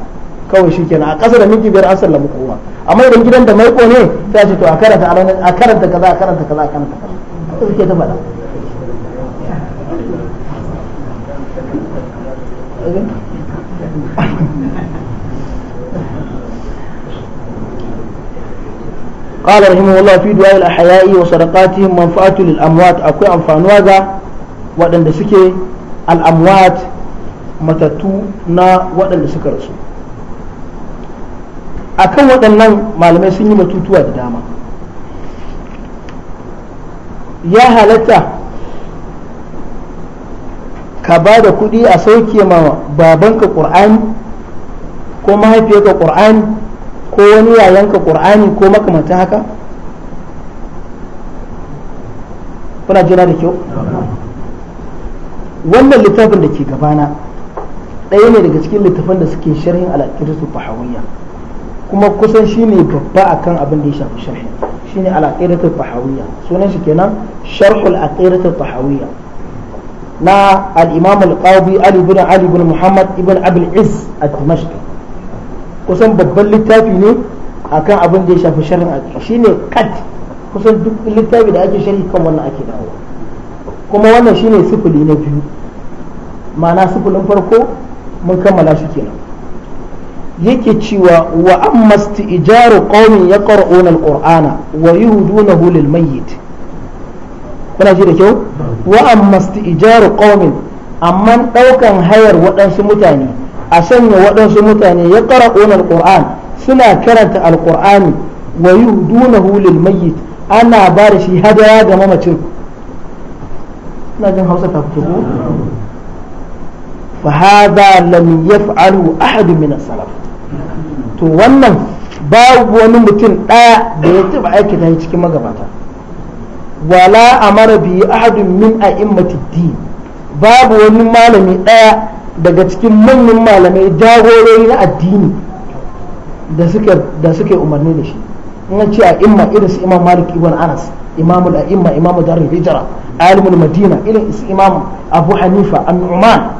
kawai shikenan a ƙasa da minti biyar an sallama kowa amma idan gidan da maiko ne sai ce to a karanta alam a karanta kaza a karanta kaza a karanta kaza suke ta faɗa Thank you. قال رحمه الله في دعاء الأحياء وصدقاتهم منفعة للأموات أكو أنفانوا ذا وأن دسكي الأموات متتونا وأن دسكي رسول أكو وأن malamai sun yi matutuwa da dama ya halatta ka ba da kuɗi a sauke ma babanka ƙur'ani ko mahaifiyarka ƙur'ani ko wani ya yanka qur'ani ko makamantan haka kuna jira da kyau wannan littafin da ke gabana ɗaya ne daga cikin littafin da suke sharhin alaƙirisu fahawiyya kuma kusan shi ne babba a kan abin da ya shafi sharhi shi ne alaƙirisu fahawiyya sunan shi kenan sharhul alaƙirisu fahawiyya na al'imam al-qawbi ali ibn ali ibn muhammad ibn abul iz a dimashq kusan babban littafi ne akan abin da ya shafi sharhin Shi ne kat kusan duk littafi da ake sharhi kan wannan ake dawo kuma wannan shi ne sifili na biyu ma'ana sifilin farko mun kammala shi kenan yake cewa wa ijaru ƙaunin ya ƙar'onar ƙor'ana wa yi hudu na hulil mayyit kuna shi da kyau hmm. wa amma ijaru ƙaunin amma ɗaukan hayar waɗansu mutane a sanya waɗansu mutane ya ƙara ƙara'un alƙur'an suna karanta alƙur'ani wa yi dunahu lil mayyit ana ba da shi hadaya ga mamacin ina jin hausa ta fito ko fa hada lam yaf'alu ahad min as-salaf to wannan babu wani mutum daya da ya taɓa aiki shi cikin magabata wala amara bi ahadun min a'immati din babu wani malami daya. daga cikin manyan malamai jagorori na addini da suke da umarni da shi in ce a imma irin su imam malik ibn anas imamu da imma imamu darul hijra alimul madina irin su imam abu hanifa an-nu'man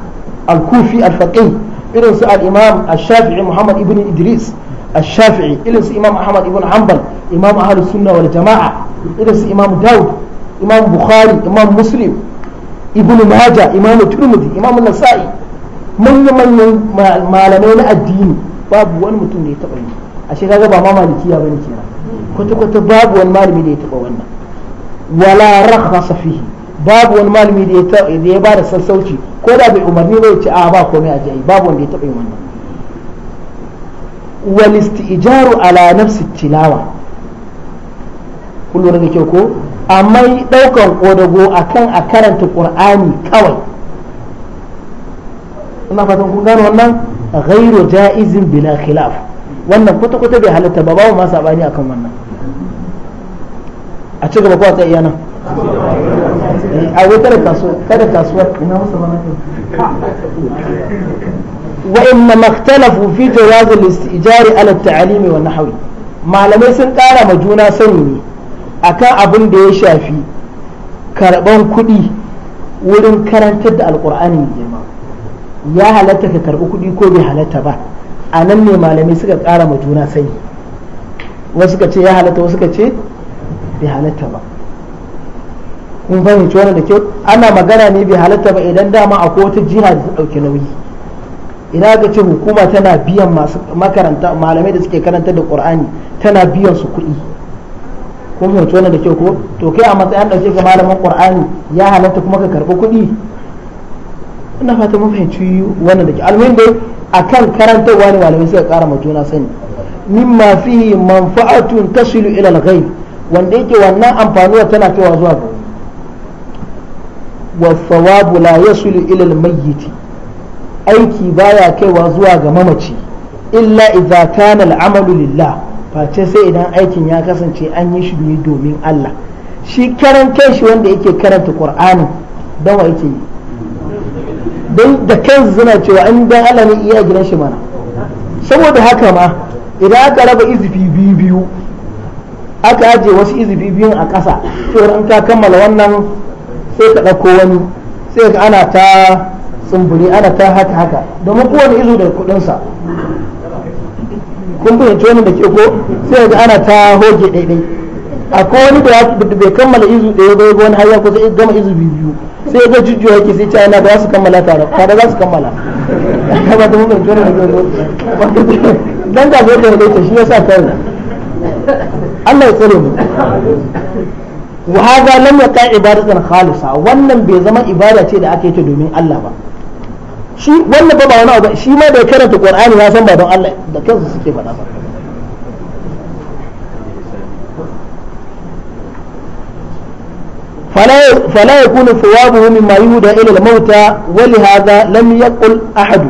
al-kufi al-faqih irin su al-imam ash-shafi'i muhammad ibn idris ash-shafi'i irin su imam ahmad ibn hanbal imam ahlus sunna wal jama'a irin su imam daud imam bukhari imam muslim ibn majah imam turmudi imam nasa'i manya-manyan malamai na addini babu wani mutum da ya taɓa yi a shi kaga ba ma malikiya bane kenan kwata-kwata babu wani malami da ya taɓa wannan wala rakhasa fihi babu wani malami da ya da ya bada sassauci ko da bai umarni ba ya ce a ba komai a jayi babu wanda ya taɓa yin wannan wal istijaru ala nafsi tilawa kullum da kyau ko amma daukan kodago akan a karanta qur'ani kawai ina fatan kun gano wannan ghairu jaizin bila khilaf wannan kwata kwata bai halatta ba babu ma sabani akan wannan a ci gaba ko a tsaye nan eh, a wai kada kasuwar kada kasuwar ina musa ba wa inna makhtalafu fi jawaz al-istijari ala at-ta'limi wa nahwi malamai sun kara ma juna sani ne akan abin da ya shafi karban kuɗi wurin karantar da alkur'ani mai ya halatta ka karɓi kuɗi ko bai halatta ba a nan ne malamai suka ƙara ma juna sai wasu ka ce ya halatta wasu ka ce bai halatta ba kun fahimci wannan da kyau ana magana ne bai halatta ba idan dama akwai wata jiha da ta ɗauki nauyi idan aka ce hukuma tana biyan masu makaranta malamai da suke karanta da qur'ani tana biyan su kuɗi kun fahimci wannan da kyau ko to kai a matsayin ɗauke ga malamin qur'ani ya halatta kuma ka karɓi kuɗi ina fata mun fahimci wannan da ke almin dai kan karantarwa ne malamai suka kara ma juna sani mimma fihi manfa'atun tasilu ila al wanda yake wannan amfanuwa tana kaiwa zuwa ga wa thawabu la yasulu ila al aiki baya kaiwa zuwa ga mamaci illa idza kana al'amalu lillah face sai idan aikin ya kasance an yi shi ne domin Allah shi karan kai shi wanda yake karanta Qur'ani dawa yake yi don da kan suna cewa an dan Allah ne iya gidan shi mana saboda haka ma idan aka raba izifi biyu biyu aka ajiye wasu izifi biyun a ƙasa cewa an ka kammala wannan sai ka ɗauko wani sai ka ana ta tsumburi ana ta haka haka domin kowane izo da kuɗinsa kun fahimci wani da ke ko sai ka ana ta hoge ɗaiɗai akwai wani da bai kammala izu ɗaya ba ga wani har ko kusa gama izu biyu biyu sai ga jujjuwa yake sai china ba su kammala tare tare za su kammala ba ta mun jona da gogo dan da zai kai dai shi yasa kai Allah ya tsare mu wa hada lam yaqa ibadatan khalisa wannan bai zama ibada ce da aka yi ta domin Allah ba shi wannan ba ba wani abu shi ma bai karanta Qur'ani ya san ba don Allah da kansa suke faɗa ba فلا فلا يكون ثوابه مما يهدى الى الموتى ولهذا لم يقل احد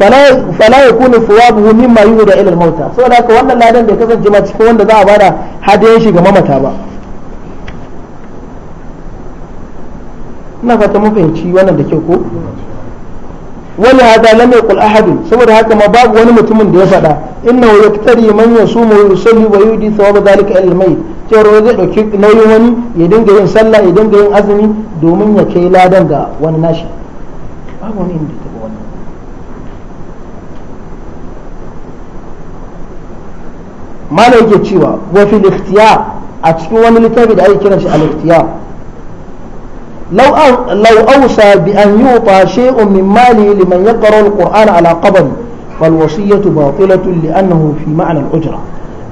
فلا فلا يكون ثوابه مما يهدى الى الموتى saboda haka wannan ladan bai kasance ba cikin wanda za a bada hadiyan shi ga mamata ba ina fata fahimci wannan da ko wani hada lam yaqul ahadun saboda haka ma babu wani mutumin da ya faɗa innahu yaktari man yasumu wa yusalli wa yudi thawaba dhalika ila al-mayyit cewa wani zai dauki nauyin wani ya dinga yin sallah ya dinga yin azumi domin ya kai ladan ga wani nashi babu wani inda ta wani malai ke cewa wa fil ikhtiyar a cikin wani littafi da ake kiran shi al-ikhtiyar لو لو أوصى بأن يعطى شيء من ماله لمن يقرأ القرآن على قبر فالوصية باطلة لأنه في معنى الأجرة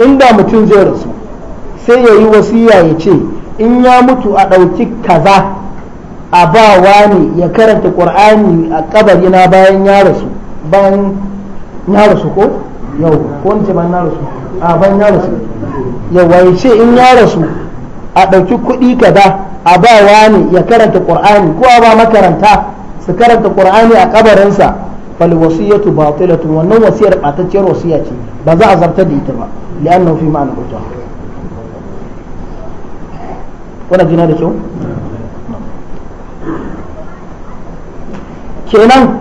إن دا متون زي رسو سي يي وصية يتي إن يا متو أدوتي كذا أبا واني يكرت القرآن قبر ينا باين يا رسو باين يا رسو كو يو كون تبان يا رسو آه باين يا رسو يو ويتي إن يا رسو a ɗauki kuɗi kaza a ba wani ya karanta qur'ani ko a ba makaranta su karanta qur'ani a kabarinsa fal wasiyatu batilatun wannan wasiyar batacciyar wasiya ce ba za a zartar da ita ba li'annahu fi ma'ana uta wannan jina da kyau kenan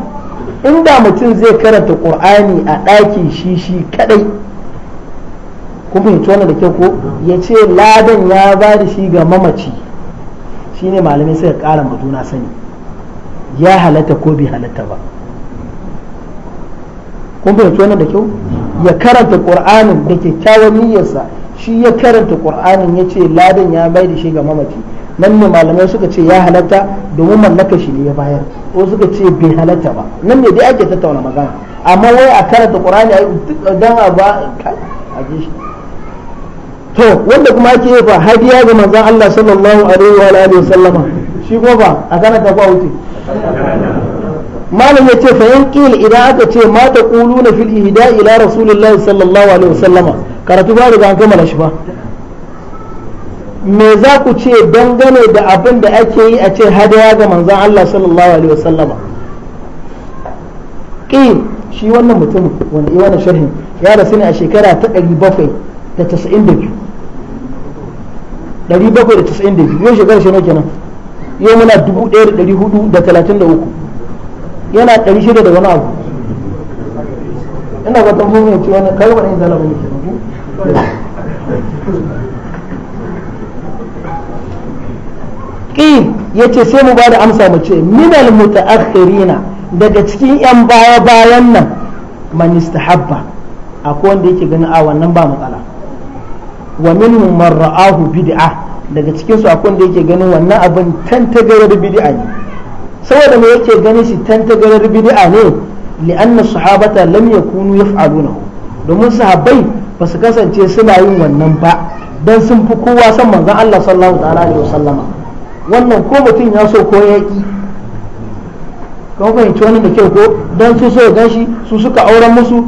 inda mutum zai karanta qur'ani a ɗakin shi shi kadai kun fahimci wannan da kyau ko ya ce ladan ya ba da shi ga mamaci shine malamai suka ƙara ma sani ya halatta ko bai halatta ba kun fahimci wannan da kyau ya karanta qur'anin da kyakkyawan niyyarsa shi ya karanta qur'anin ya ce ladan ya bai da shi ga mamaci nan ne malamai suka ce ya halatta domin mallaka shi ne ya bayar ko suka ce bai halatta ba nan ne dai ake tattauna magana amma wai a karanta yi dan a ba a ji shi to wanda kuma ake yi fa hadiya ga manzon Allah sallallahu alaihi wa alihi wasallama shi ko ba a kana ta ba wuce malam ya ce fayin qil idan aka ce ma ta quluna fil ihda ila rasulillahi sallallahu alaihi wasallama karatu ba riga an kammala shi ba me za ku ce dangane da abin da ake yi a ce hadaya ga manzon Allah sallallahu alaihi wasallama qil shi wannan mutum wanda yi wannan sharhin ya rasu ne a shekara ta 792 1792 yau shekarar shi kenan yau muna 1433 yana 600 da wani abu ina ga tamfo mai ce wani kai wani zala ku. ki ya ce sai mu ba da amsa mu ce minal mutaakhirina daga cikin yan baya bayan nan manista habba akwai wanda yake ganin a wannan ba matsala wa minhum man ra'ahu bid'a daga cikin su akwai da yake ganin wannan abin tantagarar bid'a ne saboda me yake ganin shi tantagarar bid'a ne li'anna sahabata lam yakunu yaf'aluna domin sahabbai ba su kasance suna yin wannan ba dan sun fi kowa san manzon Allah sallallahu alaihi wasallama wannan ko mutum ya so ko ya kan fahimci wani da kyau ko don su so gan shi su suka auren musu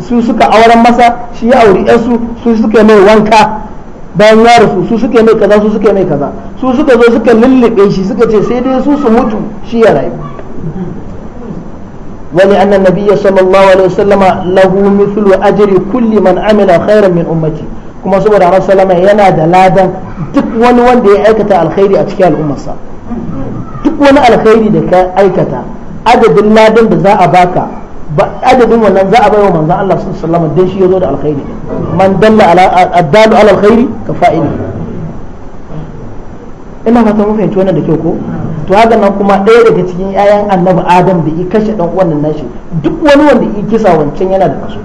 su suka auren masa shi ya auri yarsu su suka mai wanka bayan ya rasu su suka mai kaza su suka mai kaza su suka zo suka lullube shi suka ce sai dai su su mutu shi ya rayu wani annan nabiyya sallallahu alaihi wasallama lahu mithlu ajri kulli man amila khairan min ummati kuma saboda annabi sallama yana da ladan duk wani wanda ya aikata alkhairi a cikin al'ummarsa duk wani alkhairi da ka aikata adadin ladan da za a baka adadin wannan za a bai wa Allah sallallahu alaihi wasallam dan shi yazo da alkhairi man dalla ala addalu ala alkhairi ka fa'ili ina fata mun fahimci wannan da kyau ko to haka nan kuma ɗaya daga cikin ƴaƴan annabi adam da ya kashe dan uwan nashi duk wani wanda ya kisa wancan yana da kaso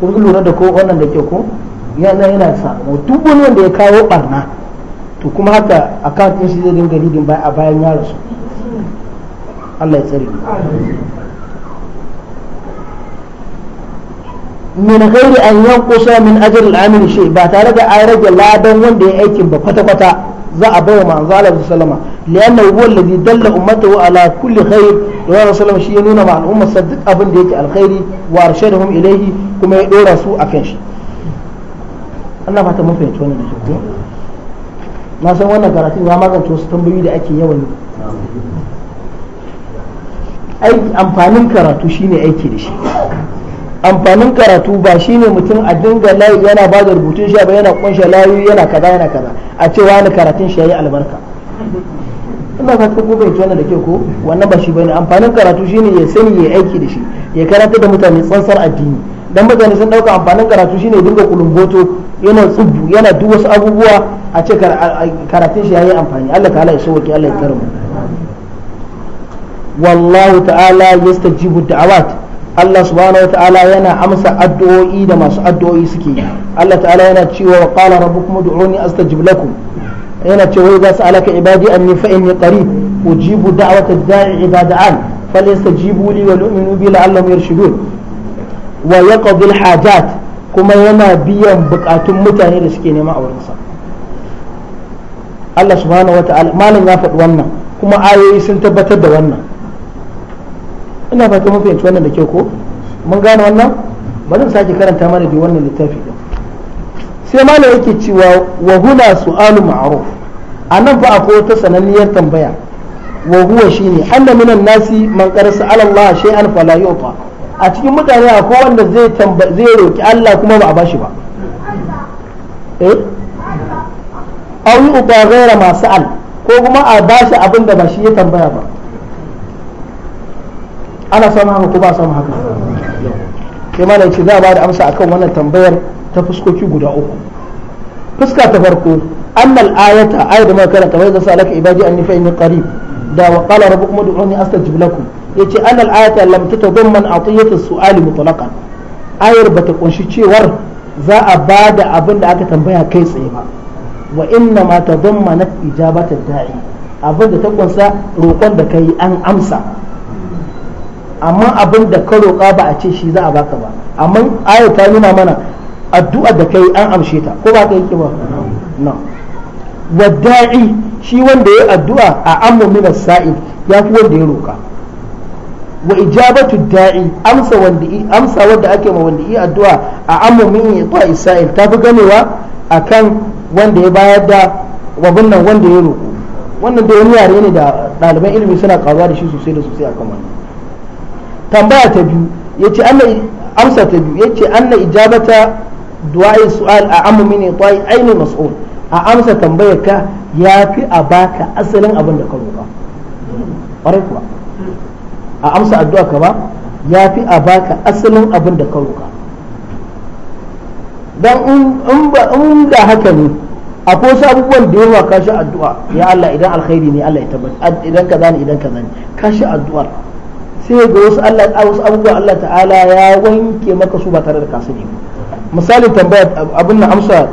kun lura da ko wannan da kyau ko yana yana sa duk wani wanda ya kawo barna to kuma haka account din shi zai dinga ridin baya a bayan ya rasu Allah ya tsare min ghairi an yanqusa min ajr al-amil shay ba tare da an rage ladan wanda ya aikin ba kwata kwata za a bawa manzo Allah sallama lianna huwa alladhi dalla ummatahu ala kulli khair wa salama shi ya nuna ma al'umma saddiq abin da yake alkhairi wa arshadahum ilayhi kuma ya dora su akan shi Allah fata mun fahimci wannan da shi ko na san wannan karatun ya magance wasu tambayoyi da ake yawan yi amfanin karatu shine aiki da shi amfanin karatu ba shine mutum a dinga layi yana ba da rubutun shi ba yana kunshe layi yana kaza yana kaza a ce wani karatun shi yayi albarka ina ka ko bai tona da ke ko wannan ba shi bane amfanin karatu shine ya sani ya aiki da shi ya karanta da mutane tsansar addini dan mutane sun dauka amfanin karatu shine dinga kulumboto yana tsubbu yana duk wasu abubuwa a ce karatun shi yayi amfani Allah ta'ala ya sauke Allah ya karmu wallahu ta'ala yastajibu da'awat Allah subhanahu ta'ala yana amsa addu'o'i da masu addu'o'i suke Allah ta'ala yana cewa wa qala rabbukum ud'uni astajib lakum yana cewa idza sa'alaka ibadi anni fa inni qarib ujibu da'wata da'i idza falyastajibu li wa bi la'allahum yarshudun wa yaqbil hajat kuma yana biyan bukatun mutane da suke nema a wurinsa Allah subhanahu wa ta'ala malam ya faɗi wannan kuma ayoyi sun tabbatar da wannan ina fata mun fahimci wannan da kyau ko mun gane wannan bari mu sake karanta mana da wannan littafi din sai malam yake cewa wa huna su'alu ma'ruf anan fa akwai wata sananniyar tambaya wa huwa shine anna minan nasi man qarasa ala Allah shay'an fala yu'ta a cikin mutane akwai wanda zai zai roki Allah kuma ba a bashi ba eh aw yu'ta ghayra masu al, ko kuma a bashi abin da ba shi ya tambaya ba ana samun haka ko ba samun haka sai ma ce za a ba da amsa akan wannan tambayar ta fuskoki guda uku fuska ta farko annal ayata ayat da muka karanta wai da sa alaka ibadi anni fa inni qarib da wa qala rabbukum ud'uni astajib lakum yace annal ayata lam tatadamman atiyatu su'ali mutlaqan ayar bata kunshi cewar za a bada abin da aka tambaya kai tsaye ba wa inna ma tadammanat ijabata da'i abin da ta kunsa roƙon da kai an amsa amma abin da ka roƙa ba a ce shi za a baka ba amma ayar ta nuna mana addu'a da kai an amshe ta ko ba ka yi ba na wadda'i shi wanda ya addu'a a amma min sa'id ya fi wanda ya roƙa wa ijabatu da'i amsa wanda amsa wanda ake ma wanda yi addu'a a amma min ya ta isa'il tafi ganewa akan wanda ya bayar da wabin nan wanda ya roƙo wannan da wani yare ne da ɗaliban ilimi suna karuwa da shi sosai da sosai a akan wannan tambaya ta biyu yace anna amsa ta biyu yace anna ijabata du'a'i su'al a amma min ya ta aini mas'ul a amsa tambayar ka yafi a baka asalin abin da ka roƙa ƙwarai kuwa a amsa addu'a ka ba ya fi a baka asalin abin da ka roƙa don in da haka ne a wasu abubuwan da yawa ka sha addu'a ya Allah idan alkhairi ne Allah ya tabbata idan kaza ne idan kaza ne ka sha addu'a sai ga wasu Allah wasu abubuwa Allah ta'ala ya wanke maka su ba tare da kasu ne misali tambaya abin na amsa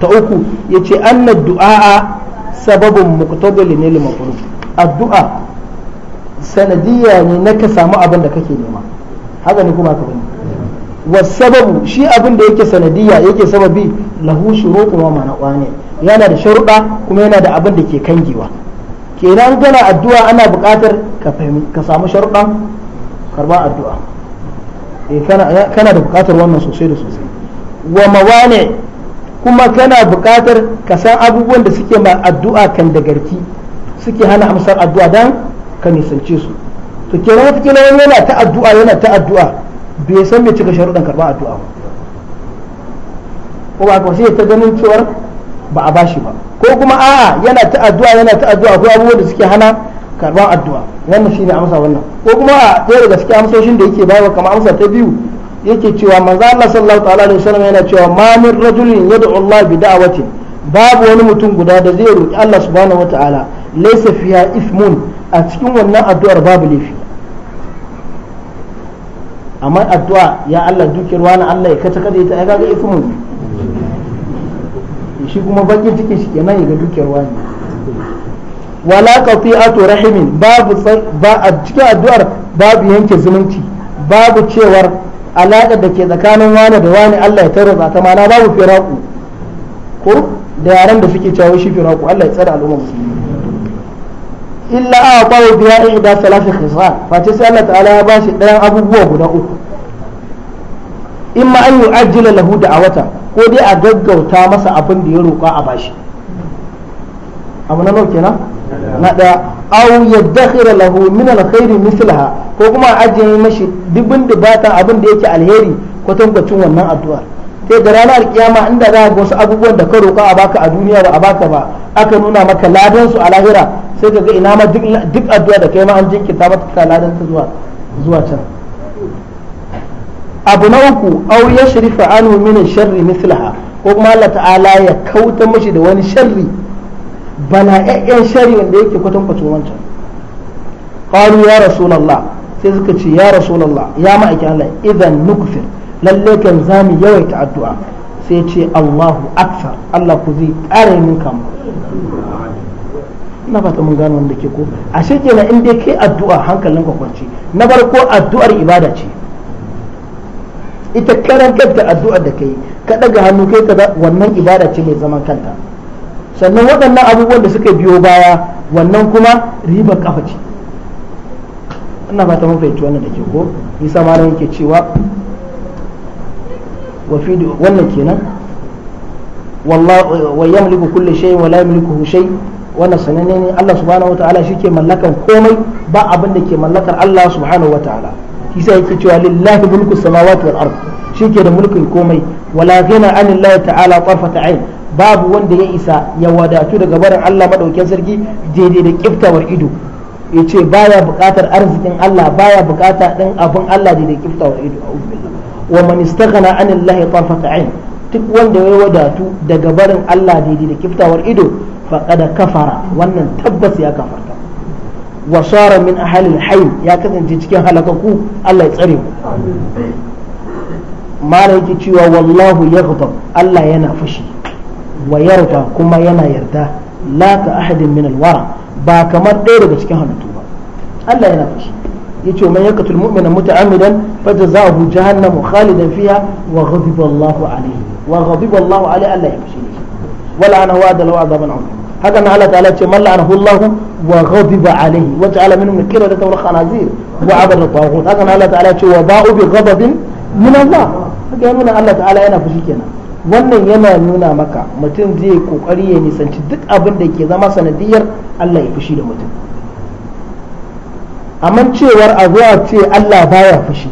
ta uku yace annad du'a sababun muqtabil lil mafrud addu'a sanadiyya ne na ka samu abin da kake nema haka ne kuma ka wa wasababu shi abin da yake sanadiyya yake sababi lahu shurutun wa mana ne yana da sharuɗa kuma yana da abin da ke kangewa kenan gana addu'a ana buƙatar ka samu sharuɗan karba addu'a eh, kana da buƙatar wannan sosai da sosai wa mawane kuma kana buƙatar ka san abubuwan da suke ma addu'a kan da garki suke hana amsar addu'a dan ka nisance su to kenan wata kila wani yana ta addu'a yana ta addu'a bai san me cika sharuɗan karɓar addu'a ba ko ba sai ta ganin cewar ba a bashi ba ko kuma a'a yana ta addu'a yana ta addu'a ko abubuwan da suke hana karɓar addu'a wannan shine amsa wannan ko kuma a ɗaya daga cikin amsoshin da yake bayarwa kamar amsa ta biyu yake cewa manzo Allah sallallahu ta'ala alaihi wasallam yana cewa ma min rajulin yad'u Allah bi da'watin babu wani mutum guda da zai roki Allah subhanahu wata'ala laysa fiya ismun a cikin wannan addu'ar babu laifi amma addu'a ya Allah dukiyar wani Allah ya kace kada ita ai kaga ismun shi kuma bakin ciki shi kenan ya ga dukiyar wani wala qati'atu rahimin babu ba a cikin addu'ar babu yanke zumunci babu cewar alaƙar da ke tsakanin wani da wani Allah ya tarza ta mana babu firaku ko da yaran da suke cewa shi firaku Allah ya tsare al'umma musulmi illa a ƙwaro biya in da salafi khisal face sai Allah ta'ala ya bashi ɗayan abubuwa guda uku in ma an yi ajila lahu da a wata ko dai a gaggauta masa abin da ya roƙa a bashi abu na nau kenan na ɗaya aw yaddakhira lahu min alkhairi mislaha ko kuma ajiye mashi dubin dubatan abin da yake alheri kwatankwacin wannan addu'ar sai da ranar kiyama inda za ga wasu abubuwan da ka roƙa a baka a duniya ba a baka ba aka nuna maka ladan su a lahira sai ka ga ina ma duk addu'a da kai ma an jinkirta mata ka ladan ta zuwa can abu na uku aw yashrifa anhu min sharri mislaha ko kuma Allah ta'ala ya kauta mashi da wani sharri yayan sharri wanda yake kwatan wancan qalu ya rasulullah sai suka ce ya rasulullah ya ma'aikin Allah idan nukfir lalle kan za mu yawaita addu'a sai ce Allahu akfar Allah ku zai ƙara min kamu ina fata mun gano wanda ke ko ashe kenan in dai kai addu'a hankalin ka kwanci na farko addu'ar ibada ce ita karan kanta addu'ar da kai ka daga hannu kai ka wannan ibada ce mai zaman kanta sannan waɗannan abubuwan da suka biyo baya wannan kuma riba kafa ce ina fata mun fahimci wannan da ke ko isa ma yake cewa wa fi wannan kenan wallahu wa yamliku kulli shay wa la yamliku shay wannan sananne ne Allah subhanahu wataala shike mallakan komai ba abin ke mallakar Allah subhanahu wataala kisa yake cewa lillahi mulku samawati wal ard shike da mulkin komai wala ghina anillahi ta'ala tarfata ayn babu wanda ya isa ya wadatu daga barin Allah madaukakin sarki daidai da kiftawar ido yace baya bukatar arzikin Allah baya bukata din abin Allah daidai kiftawar ido a'udhu wa man istaghna an Allah tarfata ain duk wanda ya wadatu daga barin Allah daidai da kiftawar ido faqad kafara wannan tabbas ya kafarta wa sara min ahli al ya kasance cikin halakaku Allah ya tsare mu malai yake cewa wallahu yaghdab Allah yana fushi wa yarda kuma yana yarda la ka ahadin min al-wara ba kamar ɗaya daga cikin halittu ba Allah yana fushi yace man yaqtul mu'mina muta'ammidan fajazahu jahannamu khalidan fiha wa ghadiba Allahu alayhi wa ghadiba Allahu alayhi Allah ya fushi wala ana wa'ada lahu azaban azim haka nan Allah ta'ala ce man la'anahu Allah wa ghadiba alayhi wa ta'ala minhum qirada wa khanazir wa abada tawaghut haka na Allah ta'ala ce wa ba'u bi ghadabin min Allah haka nuna Allah ta'ala yana fushi kenan wannan yana nuna maka mutum zai kokari ya nisanci duk abin da ke zama sanadiyar Allah ya fushi da mutum amma cewar a ce Allah baya fushi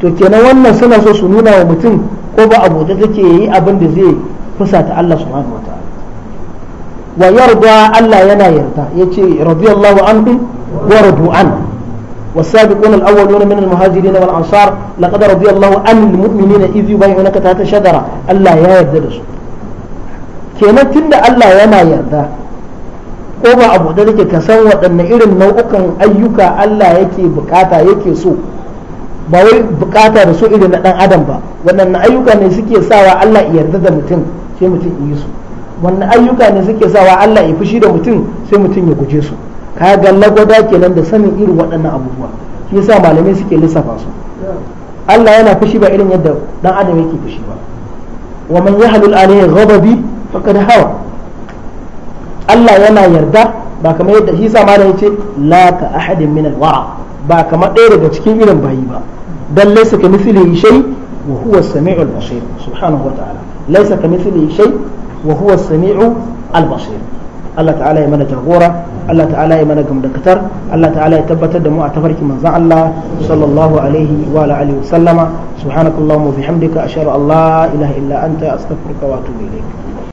to kenan wannan suna so su nuna wa mutum ko ba abu da take yi abin da zai fusata Allah subhanahu wataala wa yarda Allah yana yarda yace radiyallahu anhu wa radu an والسابقون الأولون من المهاجرين والأنصار لقد رضي الله عن المؤمنين إذ يبايعونك تحت شجرة الله يا يرددس كينا تند الله ينا يرده ko ba abu da nake ka san waɗanne irin nau'ukan ayyuka Allah yake bukata yake so ba wai bukata da so irin na dan adam ba waɗanne ayyuka ne suke sawa Allah ya yarda da mutum sai mutum yi su wannan ayyuka ne suke sawa Allah ya fushi da mutum sai mutum ya guje su ka ga lagwada kenan da sanin irin waɗannan abubuwa shi yasa malamai suke lissafa su Allah yana fushi ba irin yadda ɗan adam yake fushi ba wa man yahlul alayhi ghadabi faqad hawa Allah yana yarda ba kamar yadda shi sa malam yace la ka ahadin min alwara ba kamar ɗaya daga cikin irin bayi ba dan laysa ka mithlihi shay wa huwa as-sami'u al-basir subhanahu wa ta'ala laysa ka mithlihi shay wa huwa as-sami'u al-basir Allah ta'ala ya mana jagora Allah ta'ala ya mana gamdakatar Allah ta'ala ya tabbatar da mu a tafarki manzon Allah sallallahu alaihi wa alihi wa sallama subhanakallahumma wa bihamdika ashhadu an la ilaha illa anta astaghfiruka wa atubu ilaik